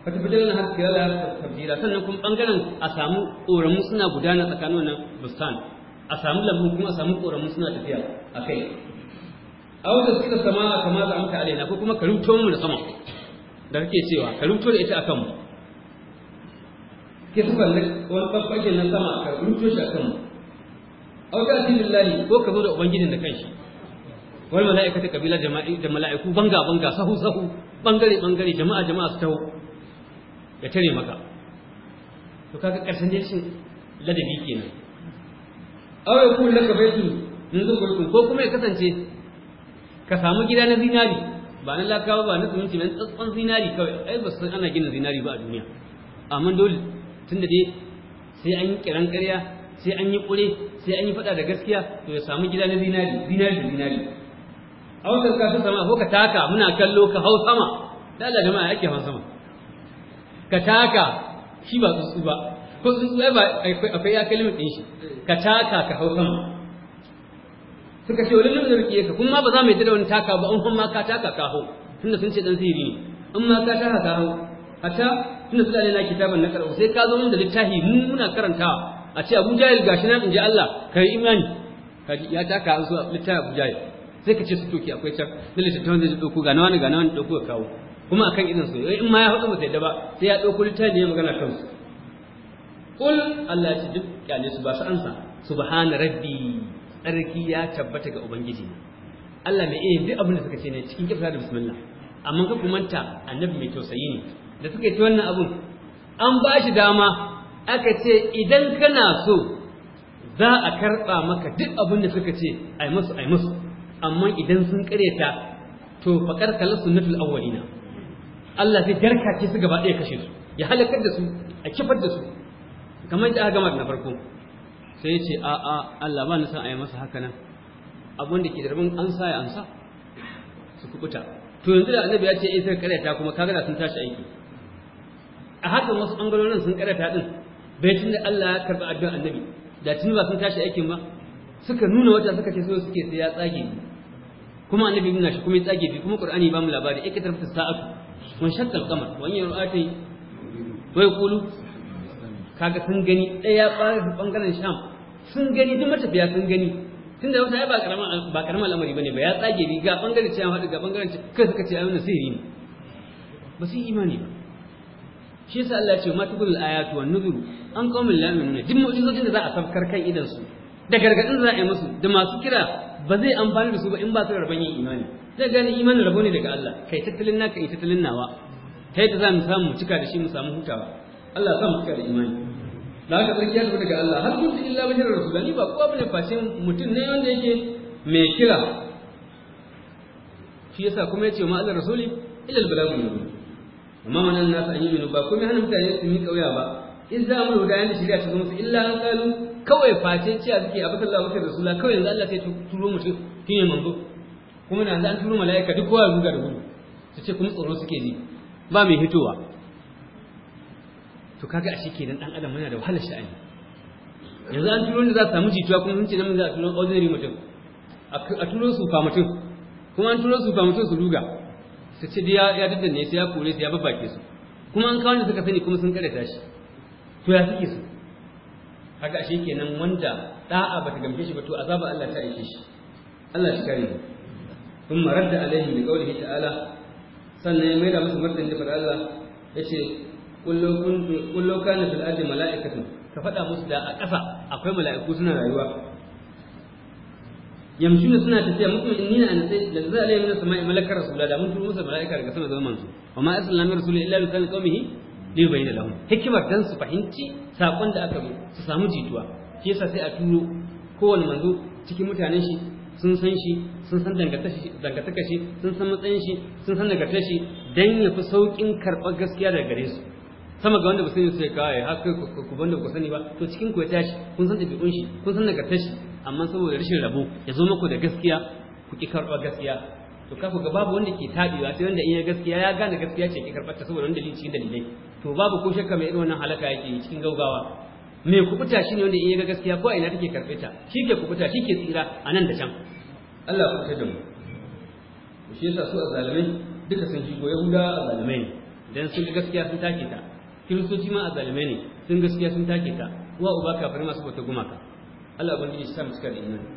A: wata bidilan har kira la tafjira sannan kuma bangaren a samu ƙoramu suna gudana tsakanin wannan bustan a samu lambu kuma a samu ƙoramu suna tafiya a kai aw da suka sama kama da muka alaina ko kuma ka rubuto mu da sama da kake cewa ka rubuto da ita akan mu ke suka ne wani babbage na sama ka rubuto shi A mu aw da billahi ko ka zo da ubangijin da kanshi wal malaikata kabila jama'i da mala'iku banga banga sahu sahu bangare bangare jama'a jama'a su tawo ya tare maka to kaga karshen dai ladabi kenan aw yakun laka baytun min ku ko kuma ya kasance ka samu gida na zinari ba na lakawa ba na tsunci ba tsatsan zinari kawai ai ba san ana gina zinari ba a duniya amma dole tunda dai sai an yi kiran ƙarya sai an yi ƙure sai an yi faɗa da gaskiya to ya samu gida na zinari zinari da zinari a wata ka sama ko ka taka muna kallo ka hau sama da jama'a ake hau sama ka taka shi ba tsutsu ba ko tsuntsuwa ba akwai ya kai limit shi ka taka ka hau sama suka ce wani limit da ka kuma ba za mu yi da wani taka ba 'an kuma ka taka ka hau tunda sun ce dan sihiri ne in ma ka taka ka hau hatta tunda su dalila kitaban na karɓa sai ka zo mun da littafi mun muna karanta a ce Abu Jahil gashi nan in ji Allah ka yi imani ka ya taka an zuwa littafi Abu Jahil sai ka ce su toki akwai can da littattafan zai ɗauko ga nawa ne ga nawa ne ɗauko ka kawo kuma akan idan su eh, in ma ya hau ba sai da ba sai ya ɗauko littafi ne magana kansu kul Allah ya ce duk kyale su ba su ansa subhana rabbi tsarki ya tabbata ga ubangiji Allah mai iya duk abin da suka ce ne cikin kifta da bismillah amma ka kumanta annabi mai tausayi ne da suka yi ta wannan abun an ba shi dama aka ce idan kana so za a karɓa maka duk abin da suka ce ai musu ai musu amma idan sun kareta to faƙar kalar sunnatul awwalina Allah zai jarka su gaba ɗaya kashe su ya halakar da su a kifar da su kamar da aka na farko sai ya ce a a Allah ba na san a yi masa haka nan abin da ke da rabin an sa ya amsa su kubuta to yanzu da annabi ya ce eh sai karyata kuma kaga da sun tashi aiki a haka wasu bangarorin sun karyata din baitin da Allah ya karba addu'ar annabi da tun ba sun tashi aikin ba suka nuna wata suka ce so suke sai ya tsage kuma annabi nuna shi kuma ya tsage bi kuma qur'ani ba mu labari ikitar ta sa'atu wa shaqqal qamar wa in atai wa yaqulu kaga sun gani ɗaya ɓangaren sham sun gani duk matafiya sun gani tun da wata ya ba karaman al'amari ne ba ya tsage riga ga ɓangaren ya haɗu ga ɓangaren ce kai suka ce a wannan sihiri ne ba su yi imani ba shi yasa Allah ya ce matubul ayatu wan nuzuru an min la nuna. duk mu'jizojin da za a safkar kan idan su da gargadin za a yi musu da masu kira ba zai amfani da su ba in ba su rabon yin imani zai gane imanin rabo ne daga Allah kai tattalin naka yi tattalin nawa ta yadda za mu samu cika da shi mu samu hutawa Allah ya sa mu da imani da haka sarki ya tafi daga Allah har kuntu illa bashar rasulani ba kowa bane face mutum ne wanda yake mai kira shi yasa kuma yace ma Allah rasuli illa albalagul mubin amma man nasu an yi ba kuma hana mutane su mi kauya ba in za mu da yanda shiga ta zo musu illa an kalu kawai face ce a suke abu sallallahu alaihi wasallam kawai yanzu Allah sai turo mutum kin yi manzo kuma na an turo mala'ika duk kowa ruga da gudu su ce kuma tsoro suke ji ba mai hitowa to kaga ashe kenan dan adam muna da wahalar sha'ani yanzu an turo ne za su samu jituwa kuma sun ce nan za a turo ordinary mutum a turo su fa mutum kuma an turo su fa mutum su duga su ce ya ya daddanne sai ya kore su ya babbake su kuma an kawo ne suka sani kuma sun karanta shi to ya suke su kaga ashe kenan wanda da'a bata gamshe shi ba to azaba Allah ta aike shi Allah shi kare mu thumma radda alaihim bi qawlihi ta'ala sannan ya da musu martani da Allah yace kullu kan kullu kana fil ardi ka faɗa musu da a ƙasa akwai mala'iku suna rayuwa ne suna tafiya mu'minina an sai da za a laye mana sama'i malakar rasulullah da mun turo musu mala'ika daga sama zaman su amma asalami rasulullah illa li kana qawmihi li bayyana lahum hikimar dan su fahimci sakon da aka bi su samu jituwa shi yasa sai a turo kowanne manzo cikin mutanen shi sun san shi sun san dangantaka shi sun san matsayin shi sun san nagartar shi dan ya fi saukin karɓar gaskiya daga gare su sama ga wanda ba sani sai kawai har kai ku banda ku sani ba to cikin ku ya tashi kun san bi kunshi, kun san daga shi amma saboda rashin rabo ya zo muku da gaskiya ku ki karɓa gaskiya to kafa ga babu wanda ke tabiwa sai wanda in ya gaskiya ya gane gaskiya ce ki karɓar saboda wanda cikin dalilai to babu ko shakka mai irin wannan halaka yake cikin gaugawa mai kubuta shine wanda in ya ga gaskiya ko ina take karɓe ta shi ke kubuta shi ke tsira a nan da can Allah ku tada mu shi yasa su azalimai duka sun shigo yahuda azzalumai dan sun gaskiya sun take ta kiristoci ma azalimai ne sun gaskiya sun take ta uwa uba kafir masu bauta gumaka Allah ubangiji sa mu cika da imani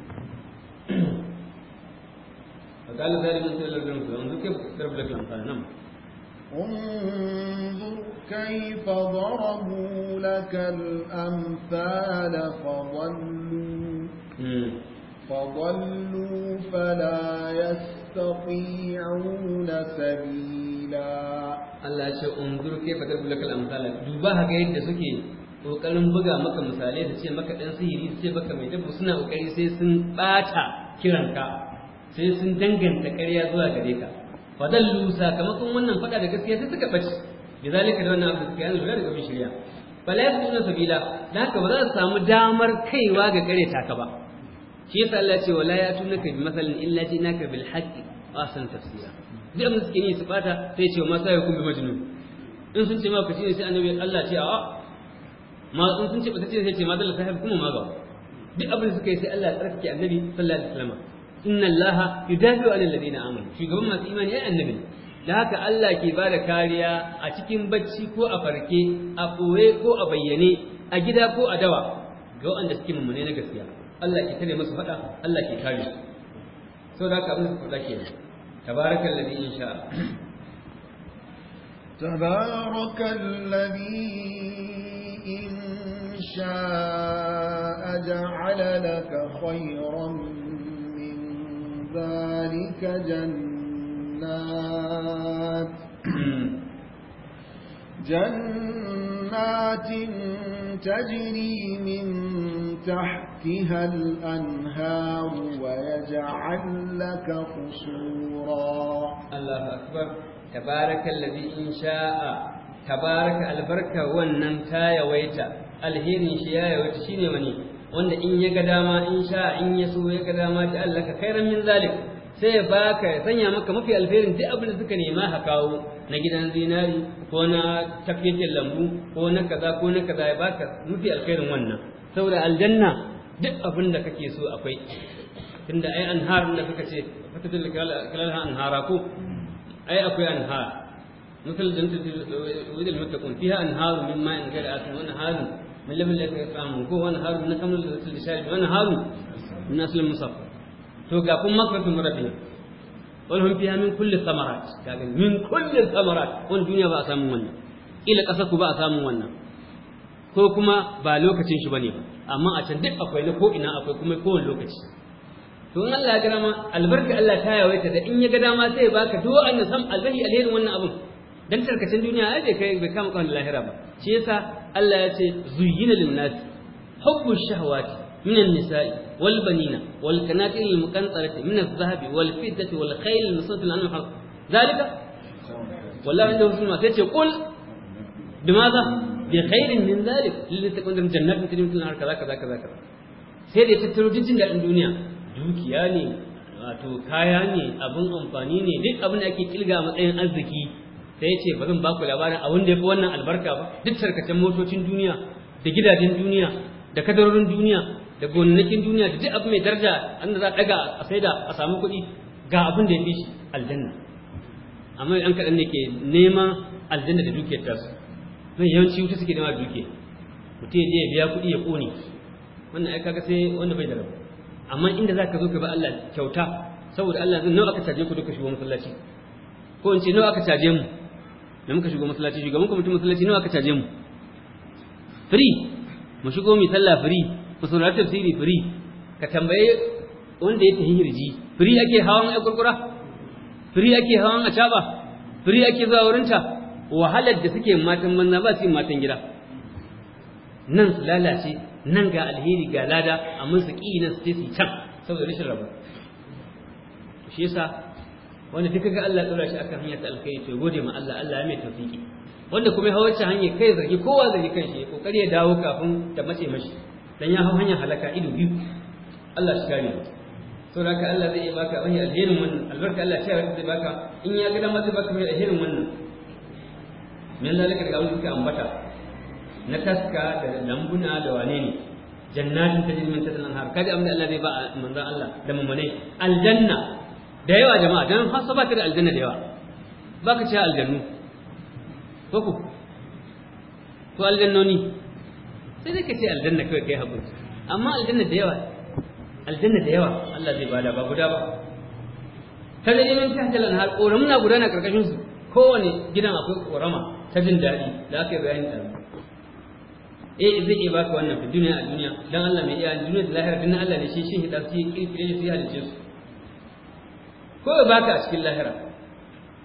A: فقال ذلك مثل الذين كفروا انظر كيف ضرب لك الامثال نعم
B: انظر كيف ضربوا لك الأمثال فضلوا فضلوا فلا يستطيعون سبيلا
A: Allah ya ce unzur kai fa darbu lakal amsal duba haka yadda suke kokarin buga maka misalai su ce maka dan sihiri su ce maka mai dabu suna kokari sai sun bata kiranka sai sun danganta ƙarya zuwa gare ka fadallu sakamakon wannan fada da gaskiya sai suka bace da da wannan abu suka yanzu daga gaban shirya ya yasuna sabila da haka ba za su samu damar kaiwa ga ta ka ba shi yasa Allah ya ce wala ya ka bi masalin illa jinaka bil haqqi asan tafsira duk abin suke yi su bata sai ce ma sai ya kuma majnun in sun ce ma ku ne sai annabi Allah ce a ma in sun ce ba sai ce ma dalla sahib kuma ma ga duk abin suka yi sai Allah ya tsarkake annabi sallallahu alaihi wasallam inna allaha yudafi'u 'anil ladina amanu shugaban masu imani ya annabi da haka Allah ke ba da kariya a cikin bacci ko a farke a ɓoye ko a bayyane a gida ko a dawa ga waɗanda suke mummune na gaskiya Allah ke tare masu faɗa Allah ke kare su saboda haka abin faɗa kenan تبارك الذي إن شاء
B: تبارك الذي إن شاء جعل لك خيرا من ذلك جنات جنات تجري من تحتها الأنهار ويجعل لك قصورا
A: الله أكبر تبارك الذي إن شاء تبارك البركة والنمتا يويتا الهير شيا يويتا شيني مني wanda in ya ga dama in sha in ya so ya ga dama ta Allah ka kairan min zalik sai ya baka ya sanya maka mafi alherin duk abin da suka nema ha kawo na gidan zinari ko na tafiyar lambu ko na kaza ko na kaza ya baka mafi alkhairin wannan saboda aljanna duk abin da kake so akwai tunda ai anhar da kaka ce fatatul kalalha anhara ko ai akwai anhar مثل جنة وجد المتقون فيها أنهار من ماء غير آسن وأنهار من لبن لا da وأنهار من تمر للشارب وأنهار من أصل المصفى to ga kun makwafin rabbina wani hun fiya min kullum samarat kaga min kullum samarat wani duniya ba a samun wannan ila ƙasa ku ba a samun wannan ko kuma ba lokacin shi bane ba amma a can duk akwai na ko ina akwai kuma kowane lokaci to in Allah ya ga dama albarka Allah ta yawaita da in ya ga dama sai ya baka duk wa'annan sam albahi alherin wannan abun dan tarkacin duniya ai bai kai bai kama kan lahira ba shi yasa Allah ya ce zuyyina lin-nasi hubbu shahawati من النساء والبنين والقناطير المقنطرة من الذهب والفضة والخيل المسلسة لأنه ذلك والله عنده في المسجد يقول بماذا بخير من ذلك للي تكون لهم جنات تجري من كذا كذا كذا كذا sai da ya tattaro jin daɗin duniya ne wato kaya ne abin amfani ne duk abin da ake kilga a matsayin arziki sai ce ba zan baku labarin abin da ya fi wannan albarka ba duk tarkacen motocin duniya da gidajen duniya da kadarorin duniya da gonakin duniya da duk abu mai daraja an da za a daga a saida a samu kuɗi ga abin da ya fi aljanna amma an kaɗan ne ke nema aljanna da dukiyar tasu mai yawanci wuta suke nema dukiya mutum ya je ya biya kuɗi ya ƙone wannan ai kaga sai wanda bai da rabu amma inda za ka zo gaba Allah kyauta saboda Allah zai nawa aka caje ku duka shugaban masallaci ko in ce nawa aka caje mu da muka shigo masallaci shugaban kwamitin masallaci nawa aka caje mu free mu shigo mu sallah free ku tafsiri free ka tambaye wanda ya tafi hirji free ake hawan ya kurkura free ake hawan a caba free ake zuwa wurinta wahalar da suke matan manna ba su matan gida nan su lalace nan ga alheri ga lada a mun su ƙi nan su ce su can saboda rashin rabu shi yasa wanda duka ga Allah tsora shi akan hanya ta alkhairi to gode ma Allah Allah ya mai tawfiki wanda kuma ya hawarci hanya kai zargi kowa zargi kan shi kokari ya dawo kafin ta mace mashi dan ya hau hanyar halaka ido biyu Allah shi kare to da haka Allah zai iya baka wani alherin wannan albarka Allah ta yarda zai baka in ya ga dama zai baka wani alherin wannan min zalika daga wani suka ambata na taska da lambuna da wane ne jannatin ta jirgin ta tsanan har kaji amma Allah zai ba manzan Allah da mummunai aljanna da yawa jama'a dan hasa ba ka da aljanna da yawa ba ka aljannu ko ku ko aljannoni sai dai ka ce aljanna kawai kai haƙuri amma aljanna da yawa aljanna da yawa Allah zai bada ba guda ba ta da neman ta hatalan har ƙoramu na gudana karkashin su kowane gidan akwai ƙorama ta jin daɗi da aka yi bayani da eh zai iya baka wannan fi duniya a duniya dan Allah mai iya duniya da lahira dan Allah ne shi shi hida su yi kirkire su ya halice su ko ba baka a cikin lahira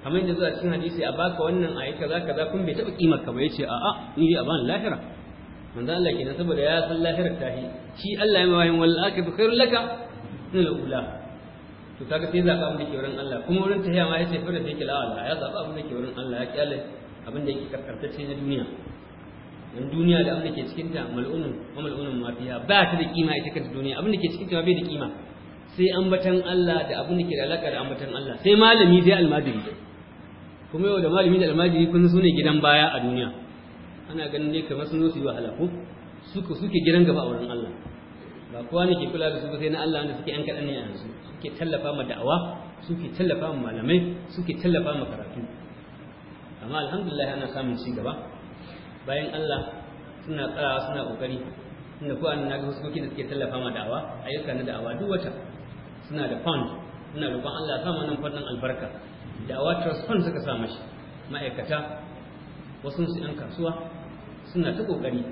A: kamar yadda zuwa cikin hadisi a baka wannan a yi kaza kaza kun bai taɓa kimar ka ba ce a'a ni a ban lahira من Allah لكن saboda ya صلى lahirar shi Allah ya mawahin wal akhir khairul laka min al ula to kaga sai zaba ورن da ke wurin Allah kuma wurin tahiya ma لا fara يا ذا قام ya ورن الله da ke wurin Allah ya kyale الدنيا da الدنيا لا na duniya dan duniya da ما da ke cikin ta mal'unun wa ba ta da ita duniya da ke cikin ta bai da sai ambatan Allah da abin da ke da alaka da ambatan Allah sai malami sai almajiri kuma yau da malami da almajiri kun sune gidan baya a duniya ana ganin ne kamar sun su yi wahala ko suke suke gidan gaba a wurin Allah ba kowa ne ke kula da su ba sai na Allah wanda suke yan kaɗan ne a yanzu suke tallafa ma da'awa suke tallafa ma malamai suke tallafa ma karatu amma alhamdulillah ana samun ci gaba bayan Allah suna tsarawa suna kokari inda ne na ga suke da suke tallafa ma da'awa ayyuka na da'awa duk wata suna da fund ina roƙon Allah ya sa mu nan fannin albarka da'awa trust fund suka sa mashi ma'aikata wasu su yan kasuwa suna ta kokari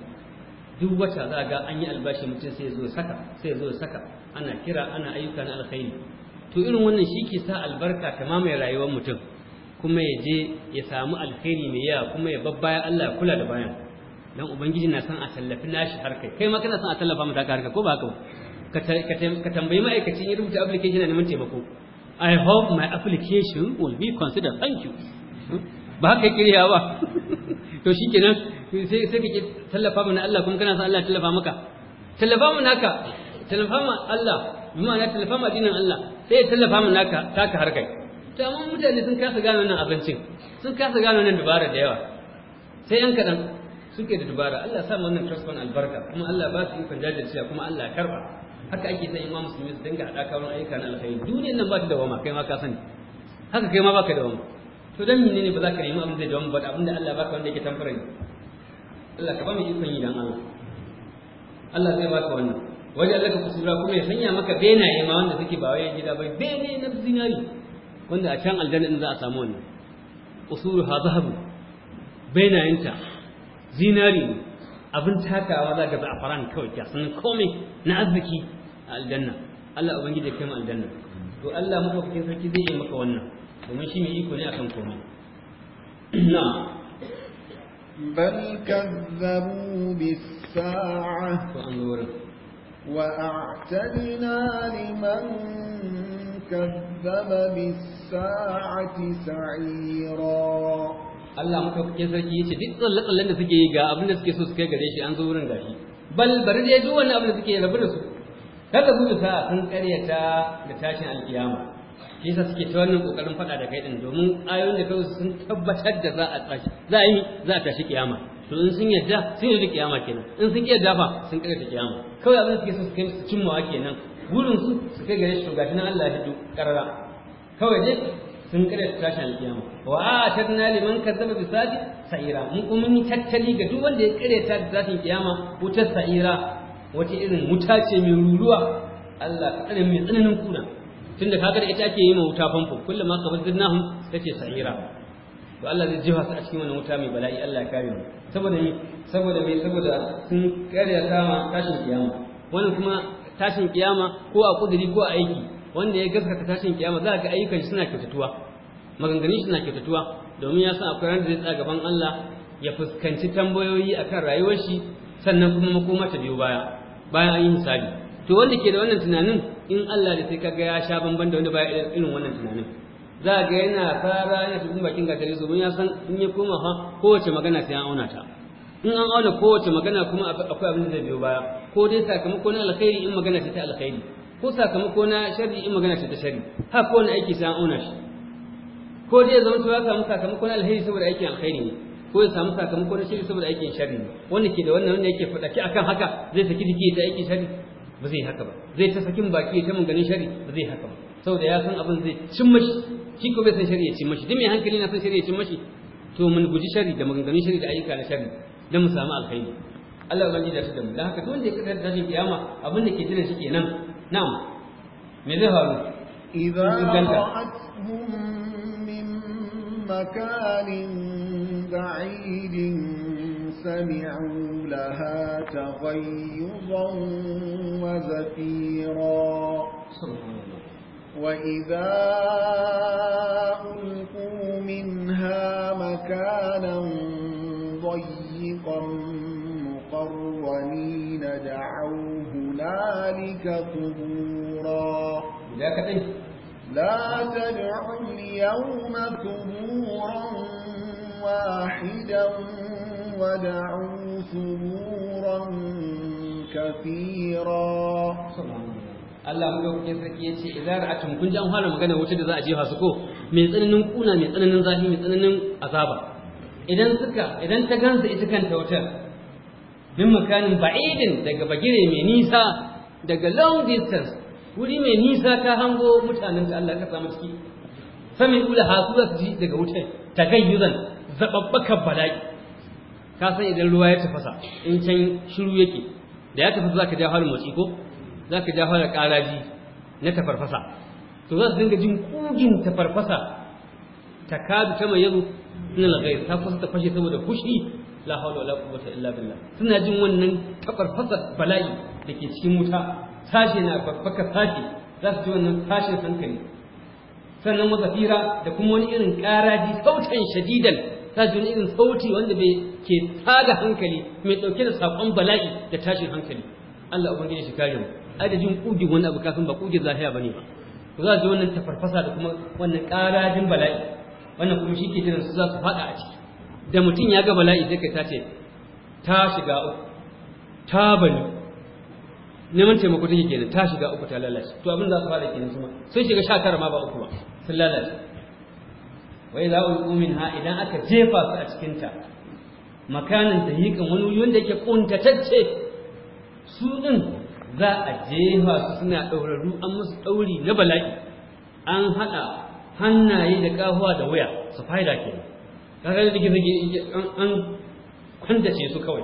A: duk wata za ga an yi albashi mutum sai zo saka sai zo saka ana kira ana ayyuka na alkhairi to irin wannan shi ke sa albarka ta mamaye rayuwar mutum kuma ya je ya samu alkhairi mai yawa kuma ya babbaya Allah ya kula da bayan dan ubangiji na san a tallafi nashi har kai kai ma kana san a tallafa mata harka ko ba ka ba ka tambayi ma'aikacin ya rubuta application na neman taimako i hope my application will be considered thank you ba haka kirya ba to shikenan sai sai kike tallafa mana Allah kuma kana san Allah tallafa maka tallafa mana naka tallafa mana Allah bi ma'ana tallafa mana dinin Allah sai ya tallafa mana naka taka har kai to amma mutane sun kasa gano nan abincin sun kasa gano nan dubara da yawa sai yan kadan suke da dubara Allah sa wannan trust fund albarka kuma Allah ba su ikon jajircewa kuma Allah karba haka ake san imam musulmi su dinga hada wurin ayyuka na alkhairi duniyar nan ba ta dawama kai ma ka sani haka kai ma baka dawama to dan menene ba za ka nemi abin da dawan ba da abin da Allah baka wanda yake tamfara ne Allah ka ba mu ikon yi dan Allah Allah zai baka wannan wajen Allah ka kusura kuma ya sanya maka benaye ma wanda suke ba waye gida ba bene na zinari wanda a can aljanna din za a samu wannan usuru ha zahabu benayenta zinari ne abin takawa za ka ba a faran kawai ya san komai na arziki a aljanna Allah ubangiji ya kai mu aljanna to Allah mafakin sarki zai yi maka wannan domin shi mai iko ne akan komai *clears throat* na
B: bal kazzabu bis وأعتدنا لمن كذب بالساعة سعيرا Allah
A: maɗaukakin sarki ya ce duk tsalle da suke yi ga abin da suke so su gare shi an zo wurin gashi bal bari dai duk wannan abin da suke rabu da su kada bisa sun karyata da tashin alkiyama shi suke ta wannan kokarin faɗa da kai din domin ayoyin da kawai sun tabbatar da za a tashi za a yi za a tashi kiyama to in sun yarda sun yarda kiyama kenan in sun yadda fa sun kare ta kiyama kawai abin suke so su kai su cimmawa kenan gurin su su kai gare shi to gashi nan Allah ya hidu karara kawai dai sun kare ta tashi alkiyama wa atadna liman kadzaba bi sadi sa'ira mun kuma mun tattali ga duk wanda ya kare ta da kiyama wutar sa'ira wata irin wuta ce mai ruruwa Allah ka tsare mai tsananin kuna tunda kaga da ita ake yi ma wuta famfo kullum ma kamar dinnahu tace sa'ira to Allah zai jefa su a cikin wannan wuta mai bala'i Allah ya kare mu saboda ni saboda me saboda sun karya sama tashin kiyama wannan kuma tashin kiyama ko a kudiri ko a aiki wanda ya gaskata tashin kiyama za ga ayyukan suna kyautatuwa maganganun shi suna kyautatuwa domin ya san akwai ranar da zai tsaya gaban Allah ya fuskanci tambayoyi akan rayuwar shi sannan kuma makoma ta biyo baya bayan an yi misali. to wanda ke da wannan tunanin in Allah ne sai kaga ya sha bamban da wanda baya irin wannan tunanin za ga yana fara yana tukun bakin gatari su ya san in ya koma fa kowace magana sai an auna ta in an auna kowace magana kuma akwai abin da zai biyo baya ko dai sakamako na alkhairi in magana ce ta alkhairi ko sakamako na sharri in magana ce ta sharri ha ko wani aiki sai an auna shi ko dai zama to ya samu sakamako na alkhairi saboda aikin alkhairi ne ko ya samu sakamako na sharri saboda aikin sharri ne wanda ke da wannan wanda yake ki akan haka zai saki diki ta aikin sharri ba zai haka ba zai ta sakin baki ya ta mun ganin shari ba zai haka ba saboda ya san abin zai cin mashi shi ko bai san shari ya cin mashi duk mai hankali na san shari ya cin mashi to mun guji shari da maganganun shari da ayyuka na shari don mu samu alkhairi Allah ya bani da su da mu dan haka duk wanda ya kada tashin kiyama abin da ke jira shi kenan na'am me zai faru
B: idan ra'atuhum min makanin ba'idin سمعوا لها تغيظا وزفيرا وإذا ألقوا منها مكانا ضيقا مقرنين دعوا هنالك ثبورا لا تدعوا اليوم ثبورا واحدا ودعوا ثبورا كثيرا
A: Allah mu ga sarki yace ra'a tun kun ji an fara magana wuce da za a jefa su ko mai tsananin kuna mai tsananin zafi mai tsananin azaba idan suka idan ta gansa ita kanta wutar bin makanin ba'idin daga bagire mai nisa daga long distance wuri mai nisa ka hango mutanen da Allah ka samu ciki sami ula hasu za su ji daga wutar tagayyuzan zababbaka bala'i ka san idan ruwa ya tafasa in can shiru yake da ya tafasa za ka ja fara motsi ko za ka ja fara ƙaraji na tafarfasa to za su dinga jin ƙugin tafarfasa ta kadu ta mai suna lagai ta kusa ta fashe saboda fushi la hawla wala quwwata illa billah suna jin wannan tafarfasa bala'i da ke cikin wuta sashe na babbaka sashe za su ji wannan tashin hankali sannan mazafira da kuma wani irin ƙaraji sautan shadidan ta ji irin sauti wanda bai ke tsaga hankali mai ɗauke da saƙon bala'i da tashin hankali Allah ubangiji shi kare mu ai da jin kugin wani abu kafin ba kugin zahiya bane ba Ba za ji wannan tafarfasa da kuma wannan ƙarajin bala'i wannan kuma shi ke jiran su za su faɗa a ciki da mutum ya ga bala'i sai kai ta ce ta shiga uku ta bani neman taimako take kenan ta shiga uku ta lalace to abin za su fara kenan kuma sun shiga sha tara ma ba uku ba sun lalace wai za ulqu ha idan aka jefa su a cikin da makanin kan wani wuri wanda yake kuntatacce su din za a jefa su suna ɗaurarru an musu ɗauri na bala'i an haɗa hannaye da kahuwa da wuya su fahida ke kaga da gizage an kwantace su kawai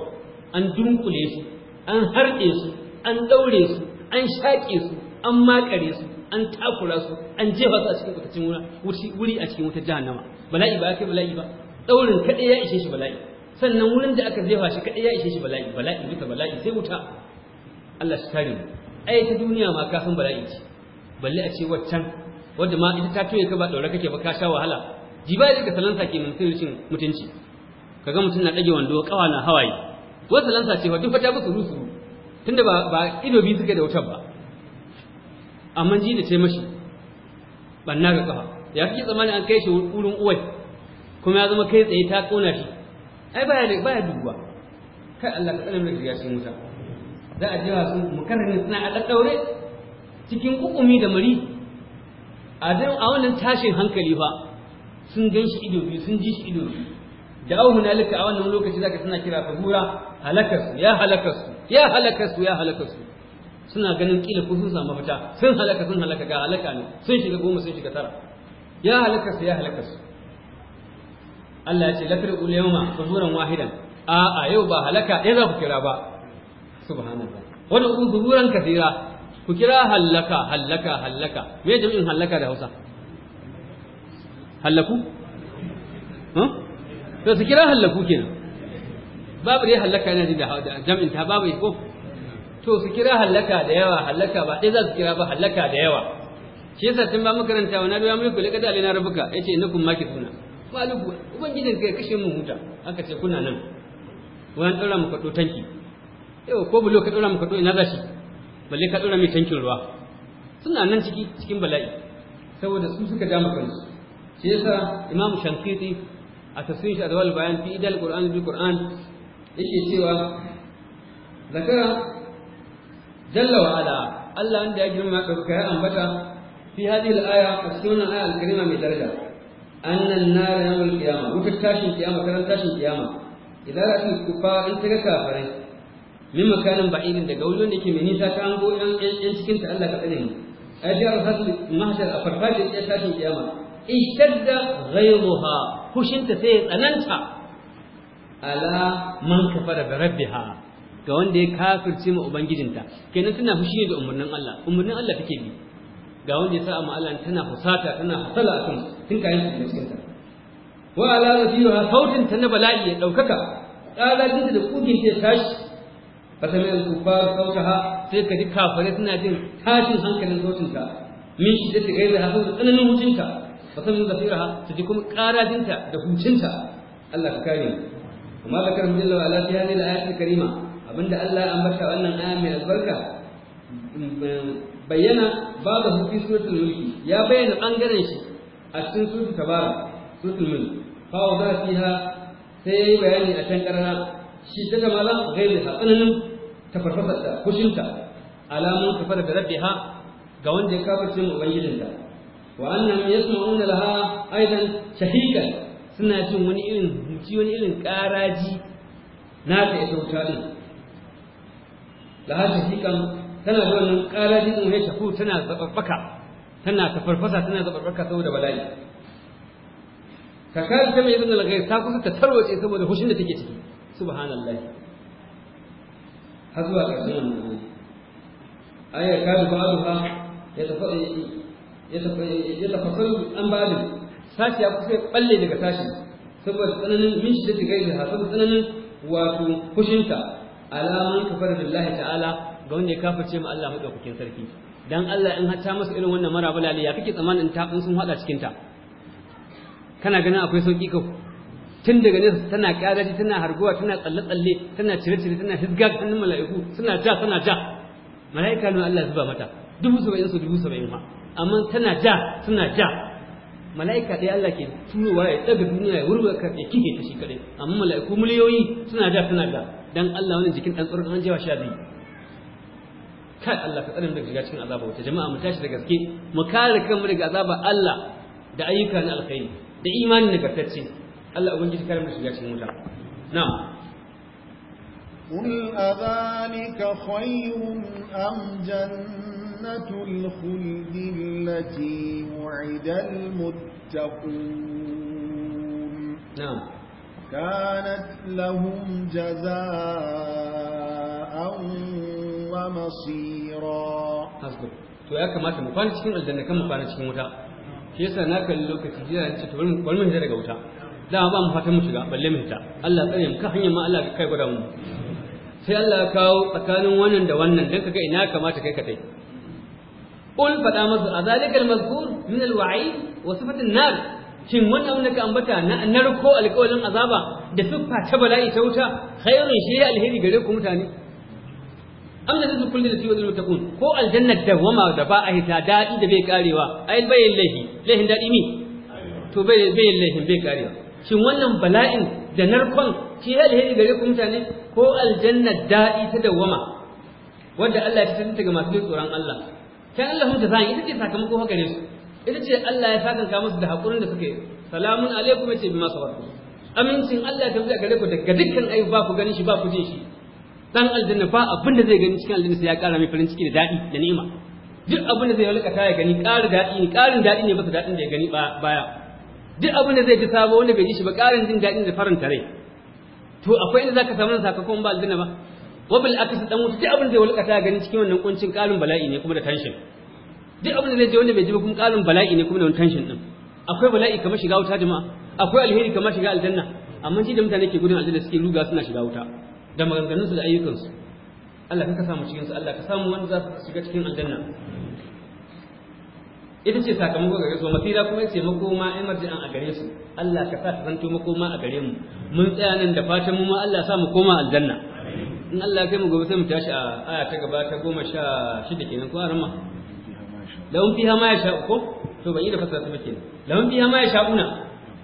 A: an dunkule su an harɗe su an ɗaure su an shaƙe su an makare su an takura su an jefa su a cikin bakacin wuri a cikin wutar jahannama bala'i ba kai bala'i ba daurin kaɗai ya ishe shi bala'i sannan wurin da aka jefa shi kaɗai ya ishe shi bala'i bala'i duka bala'i sai wuta Allah shi kare mu ai ta duniya ma kafin bala'i ce balle a ce waccan wadda ma ita ta toye ka ba daure kake ba ka sha wahala jibali ka salansa ke mun sai rashin mutunci kaga mutum na dage wando kawa na hawaye wata salansa ce wa duk fata musu rusu tunda ba ido biyu suke da wutar ba amma ji da tai mashi banna ga kafa ya fi tsammani an kai shi wurin uwai kuma ya zama kai tsaye ta kona shi ai baya baya duguwa kai Allah ka tsare mu daga cikin wuta za a jira sun su mukarrin suna a daddaure cikin kukumi da mari a wannan tashin hankali fa sun gan shi ido biyu sun ji shi ido biyu da au hunalika a wannan lokaci zaka suna kira fa gura halakarsu ya halakarsu ya halakarsu ya halakarsu suna ganin kila ko sun samu fita sun halaka sun halaka ga halaka ne sun shiga goma sun shiga tara ya halaka su ya halaka su Allah ya ce lafir ulyawma zuhuran wahidan a a yau ba halaka ɗaya za ku kira ba subhanallah wani uku zuhuran kafira, ku kira halaka halaka halaka me jami'in halaka da Hausa hallaku to su kira hallaku kenan babu dai halaka yana da jami'in ta babu ko to su kira hallaka da yawa hallaka ba ɗaya za su kira ba hallaka da yawa shi yasa tun ba makaranta wa na ruwa mulku laqad alina rabbuka suna. innakum makithuna maluku ubangijin kai kashe mu huta aka ce kuna nan wani dora muka do tanki yau ko bulo ka dora muka do ina shi? balle ka dora mai tankin ruwa suna nan ciki cikin bala'i saboda su suka dama kansu shi yasa imamu shankiti a tafsirin shi a bayan fi idal qur'an bi qur'an yake cewa zakara jalla wa ala Allah wanda ya girma ɗauka ya ambata fi hadhihi al-aya a cikin wannan mai daraja annan nar yawmul qiyama wutar tashin kiyama karan tashin kiyama idan ra'atul kufa in ta ga kafirai min makanin ba'idin daga wurin da ke mai nisa ta hango yan yan Allah ka tsare ajiyar a ya tashin kiyama ishtadda ghayruha fushinta sai ya tsananta ala man ga wanda ya kafirce ma ubangijinta kenan tana fushi ne da umarnin Allah umarnin Allah take bi ga wanda ya sa ma Allah tana fusata tana hasala a tun kayan su cikin ta wa ala rafiha sautin ta na bala'i ya daukaka jinta da kugin ta tashi ta mai kufar sautaha sai ka ji kafare suna jin tashin hankalin sautinta min shi da take da hasu tsananin hucinta fasami zafiraha ta ji kuma jinta da hucinta Allah ka kare mu amma zakar min Allah ala tiyani la ayati karima abinda Allah ya ambata wannan aya mai albarka bayyana babu da hukun suratul mulki ya bayyana bangaren shi a cikin suratul tabara suratul mulk fa wa za fiha sai yayi bayani a can karana shi ta jamala gairi ha tsananin da kushinta alamun kafara da rabbiha ga wanda ya kafa cikin ubangijin ubangijinta wa annahum yasma'una laha aidan shahika suna cin wani irin huci wani irin karaji na ta ita wuta din da haka hikan tana zuwa nan ƙalatin mu ya tafu tana zababbaka tana farfasa tana zababbaka saboda bala'i kakar ta mai zan algai ta kusa ta tarwace saboda hushin da take ciki subhanallahi har zuwa ƙarshen nan aya ka da ba'duha ya tafi ya tafi ya tafi an ba'du sashi ya kusa balle daga sashi saboda tsananin min shi da gaida saboda tsananin wato hushinta alaman kafara billahi ta'ala ga wanda ya kafarce ma Allah madaukakin sarki dan Allah in hatta masa irin wannan mara lali ya kake tsammanin ta sun hada cikin ta kana ganin akwai sauki ka tun daga nesa tana karaji tana harguwa tana tsalle tsalle tana cire cire tana hizga hannun mala'iku suna ja suna ja mala'ika ne Allah zuba mata dubu saba'in su dubu saba'in ma amma tana ja suna ja mala'ika dai Allah ke turowa ya daga duniya ya wurwa ka ya kike ta shi kadai amma mala'iku miliyoyi suna da suna da dan Allah wani jikin dan tsoron an jewa sha biyu kai Allah ka tsare daga shiga cikin azaba wata jama'a mu tashi da gaske mu kare kanmu daga azaba Allah da ayyuka na alkhairi da imanin nagartacce Allah ubangiji kare mu shiga cikin wuta na'am
B: قل أذلك khayrun am جنة جنة الخلد التي وعد المتقون نعم كانت لهم جزاء ومصيرا حسبك
A: to ya kamata mu kwana cikin aljanna kan mu kwana cikin wuta shi yasa na kalli lokaci jiya ya ce to bari mu kwana mu daga wuta da ba mu fatan mu shiga balle mu fita Allah tsare mu kan hanyar ma Allah ka kai gwada mu sai Allah ya kawo tsakanin wannan da wannan don kaga ina kamata kai ka tai qul masu masa azalikal mazkur min alwa'id wa sifatin nar shin wannan wanda ka ambata na alƙawarin azaba da siffa ta bala'i wuta khairun shi alheri gare ku mutane am da zai kullu lati wazil ko aljanna dawama da ba a hita dadi da bai karewa ai bai lahi lahin dadi mi to bai bai lahin bai karewa shin wannan bala'in da narkon shi alheri gare ku mutane ko aljanna daɗi ta dawama wanda Allah ya tantance masu tsoron Allah kai Allah hunta zan ita ce sakamako haka ne su ita ce Allah ya sakanka musu da hakurin da suka yi salamun alaikum yace bima sabartu amincin Allah ta gare ku daga dukkan ayi ba ku ganin shi ba ku jin shi dan aljanna ba abin da zai gani cikin aljanna sai ya kara mai farin ciki da dadi da ni'ima duk abin da zai ta ya gani ƙarin dadi ne karin dadi ne basa dadin da ya gani baya duk abin da zai ji sabo wanda bai ji shi ba ƙarin jin dadin da faranta rai to akwai inda zaka samu sakamakon ba aljanna ba wabil akasi dan wuta duk abin da zai walƙata gani cikin wannan kuncin ƙalin bala'i ne kuma da tension duk abin da zai je wanda bai ji ba kuma ƙalin bala'i ne kuma da wani tension din akwai bala'i kamar shiga wuta jama'a akwai alheri kamar shiga aljanna amma shi da mutane ke gudun aljanna suke ruga suna shiga wuta da maganganunsu da ayyukansu Allah ka samu cikin su Allah ka samu wanda za su shiga cikin aljanna ita ce sakamako gare su masira kuma ce makoma ai marji'an a gare su Allah ka sa ta zanto makoma a gare mu mun tsaya nan da fatan mu ma Allah sa mu koma aljanna in Allah ya kai mu gobe sai mu tashi a aya ta gaba ta goma sha shida kenan ko a rama lahum fiha ma yasha ko to ban yi da fasara ta ba kenan lahum fiha ma una?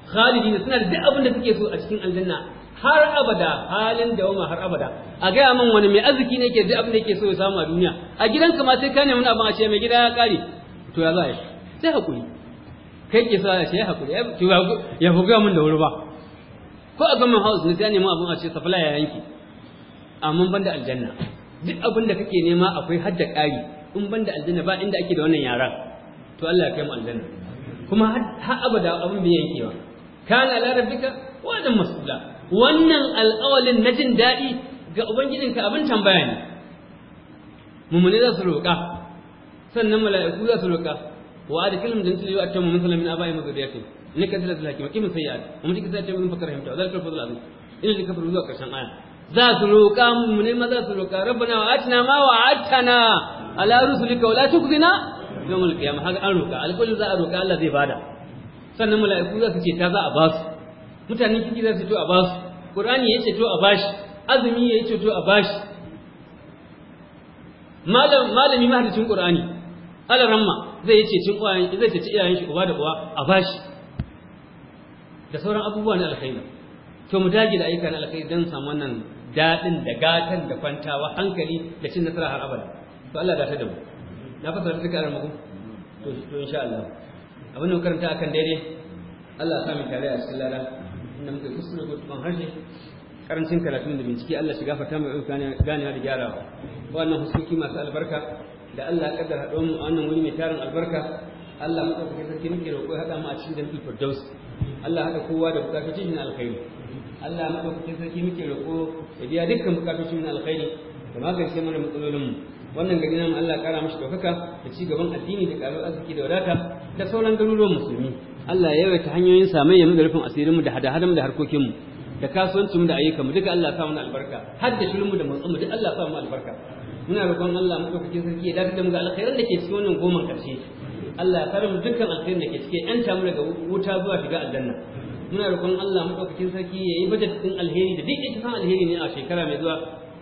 A: khalidina suna da duk abin da suke so a cikin aljanna har abada halin da dawama har abada a gaya min wani mai arziki ne ke duk abin da yake so ya samu a duniya a gidanka ma sai ka nemi wani abin a ce mai gida ya kare to ya za a yi sai hakuri kai ke sa a ce ya hakuri ya buga min da wuri ba ko a gaman house ne sai nemi abin a ce safala ya yanki amma da aljanna duk abin da kake nema akwai hadda ƙari in ban da aljanna ba inda ake da wannan yaran to Allah ya kai mu aljanna kuma har abada abin bai ba kana la rabbika wa dan masula wannan al'awalin na jin daɗi ga ubangijinka abin tambaya ne mumune za su roƙa sannan mala'iku za su roƙa wa adkhilhum jannatin yu'tamu ta salamin abaihim wa dhurriyyatihim innaka antal azizul hakim wa qim sayyi'at wa man yakfur sayyi'atan faqad rahimtahu dhalika al-fadlu al-azim in ka kafaru zuwa karshen aya za su roƙa mu ne ma za su roƙa rabbana wa atina ma wa atana ala rusulika wala tukzina yawmal qiyamah haka an roƙa alƙulin za a roƙa Allah zai bada sannan mala'iku za su ce ta za a basu mutanen kiki za su to a basu qur'ani ya ce to a bashi azumi ya ce to a bashi malam malami mahaddacin qur'ani ramma zai yi cin uwayen zai ce iyayen shi uba da uwa a bashi da sauran abubuwa na alkhairi to mu dage da ayyukan alkhairi don samu wannan daɗin da gatan da kwantawa hankali da cin nasara har abada to Allah gata da mu na fasa da ran muku to to insha Allah abin da karanta akan daidai Allah ya sami tare a cikin lada inda muke kuskure ko tuban harshe karancin karatu da bincike Allah shiga fata mai ganewa da gyarawa wannan huskoki masu albarka da Allah ya kaddara haɗo mu a wannan wuri mai tarin albarka Allah mu ɗauke sarki muke roƙo ya haɗa mu a cikin jannatul firdaus Allah haɗa kowa da bukatun cikin alkhairi Allah kuke sarki muke roƙo ya biya dukkan bukatocin na alkhairi da magance mana matsalolinmu wannan gari namu Allah ƙara mashi ɗaukaka da ci gaban addini da ƙaruwar arziki da wadata da sauran garuruwan musulmi Allah ya yawaita hanyoyin samun ya da rufin asirinmu da hada mu da harkokinmu da kasuwancinmu da ayyukanmu duka Allah ya sa mana albarka har da shirinmu da motsinmu duk Allah ya sa mana albarka muna roƙon Allah kuke sarki ya dakatar mu ga alkhairan da ke cikin wannan goman ƙarshe Allah ya fara mu dukkan alkhairin da ke cikin ƴan tamu daga wuta zuwa shiga aljanna muna roƙon Allah madaukakin sarki ya yayi budget din alheri da duk yake san alheri ne a shekara mai zuwa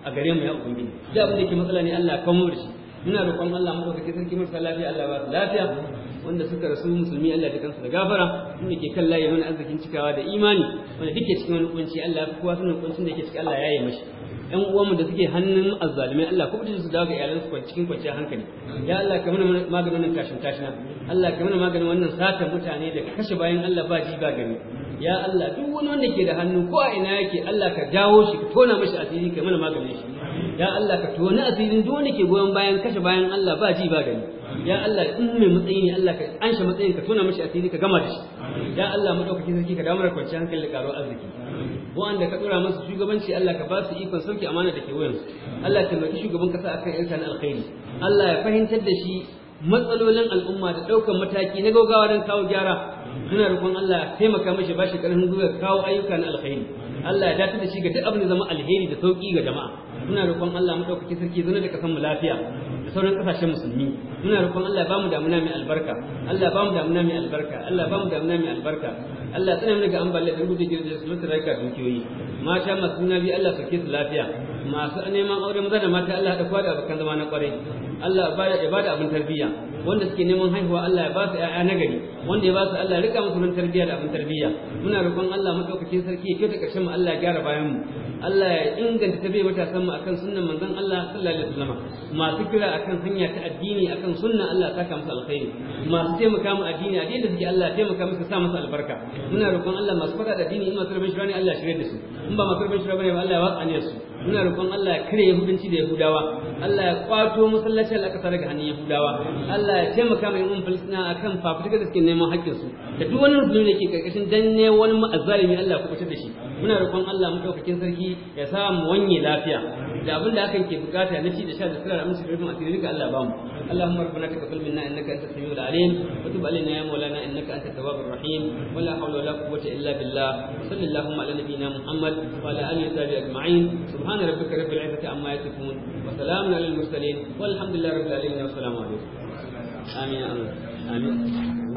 A: a gare mu ya ubangiji da abin da ke matsala ne Allah kan mu shi muna roƙon Allah madaukakin sarki marasa lafiya Allah ba su lafiya wanda suka rasu musulmi Allah da kansu da gafara wanda ke kan layi mana arzikin cikawa da imani wanda duke cikin wani kunci Allah ya kowa sanin kuncin da yake cikin Allah ya yi mashi ƴan uwanmu da suke hannun azzalimai Allah ko su dawo ga iyalansu cikin kwanciyar hankali ya Allah ka mana maganin wannan tashin tashina Allah ka mana maganin wannan satan mutane da kashe bayan Allah ba ji ba gani ya Allah duk wani wanda ke da hannu ko a ina yake Allah ka jawo shi ka tona mashi asiri kai mana maganin shi ya Allah ka tona asirin duk wanda ke goyon bayan kashe bayan Allah ba ji ba gani ya Allah in mai matsayi ne Allah ka ansha matsayin ka tona mashi asiri ka gama da shi ya Allah mu madaukakin sarki ka damar kwanciyar hankali da karo arziki wanda ka dora masu shugabanci Allah ka ba su ikon sauki amana da ke wuyansu Allah ka maki shugaban kasa akan yan sanin alkhairi Allah ya fahimtar da shi matsalolin al'umma da ɗaukar mataki na gaugawa don kawo gyara muna roƙon Allah ya taimaka mashi bashi karfin gwiwa kawo ayyuka na alkhairi Allah ya dace da shi ga duk abin da zama alheri da sauki ga jama'a muna roƙon Allah mu dauki sarki zuna da kasan mu lafiya da sauran ƙasashen musulmi muna roƙon Allah ba mu damuna mai albarka Allah ba mu damuna mai albarka Allah ba mu damuna mai albarka Allah tsare mu daga ambaliyar da da jirgin da su rayuka dukiyoyi mata masu suna biyu Allah sauke su lafiya masu neman aure maza da mata Allah da kwada abokan zama na kwarai Allah ya bada abin tarbiyya wanda suke neman haihuwa Allah ya ba su ƴaƴa na gari wanda ya ba su Allah ya rika musu nan tarbiyya da abin tarbiyya muna roƙon Allah madaukakin sarki ya kyauta ƙarshen mu Allah ya gyara bayan mu Allah ya inganta tabe matasan mu akan sunnan manzon Allah sallallahu alaihi wasallam masu kira akan hanya ta addini akan sunnan Allah ya saka musu alkhairi masu taimaka mu addini addini da suke Allah ya taimaka musu sa musu albarka muna roƙon Allah masu faɗa da addini in masu rabin shirani Allah ya shirye da su in ba masu rabin shirani ba Allah ya watsa ne su muna roƙon Allah ya kare yahudanci da yahudawa Allah ya kwato masallacin al'akasa daga hannun yahudawa Allah ya taimaka mai yan filistina akan fafutuka da suke neman haƙƙin su da duk wani musulmi da ke karkashin danne wani ma'azzalimi Allah ku kubutar da shi muna roƙon Allah madaukakin sarki ya sa mu wanye lafiya da abin da hakan ke bukata na ci da sha da sirra da musu rufin asiri ga Allah ba mu اللهم ربنا تقبل منا انك انت السميع العليم وتب علينا يا مولانا انك انت التواب الرحيم ولا حول ولا قوه الا بالله وصل اللهم على نبينا محمد وعلى اله وصحبه اجمعين سبحان ربك رب العزه عما يصفون وسلام على المرسلين والحمد لله رب العالمين والسلام عليكم امين امين امين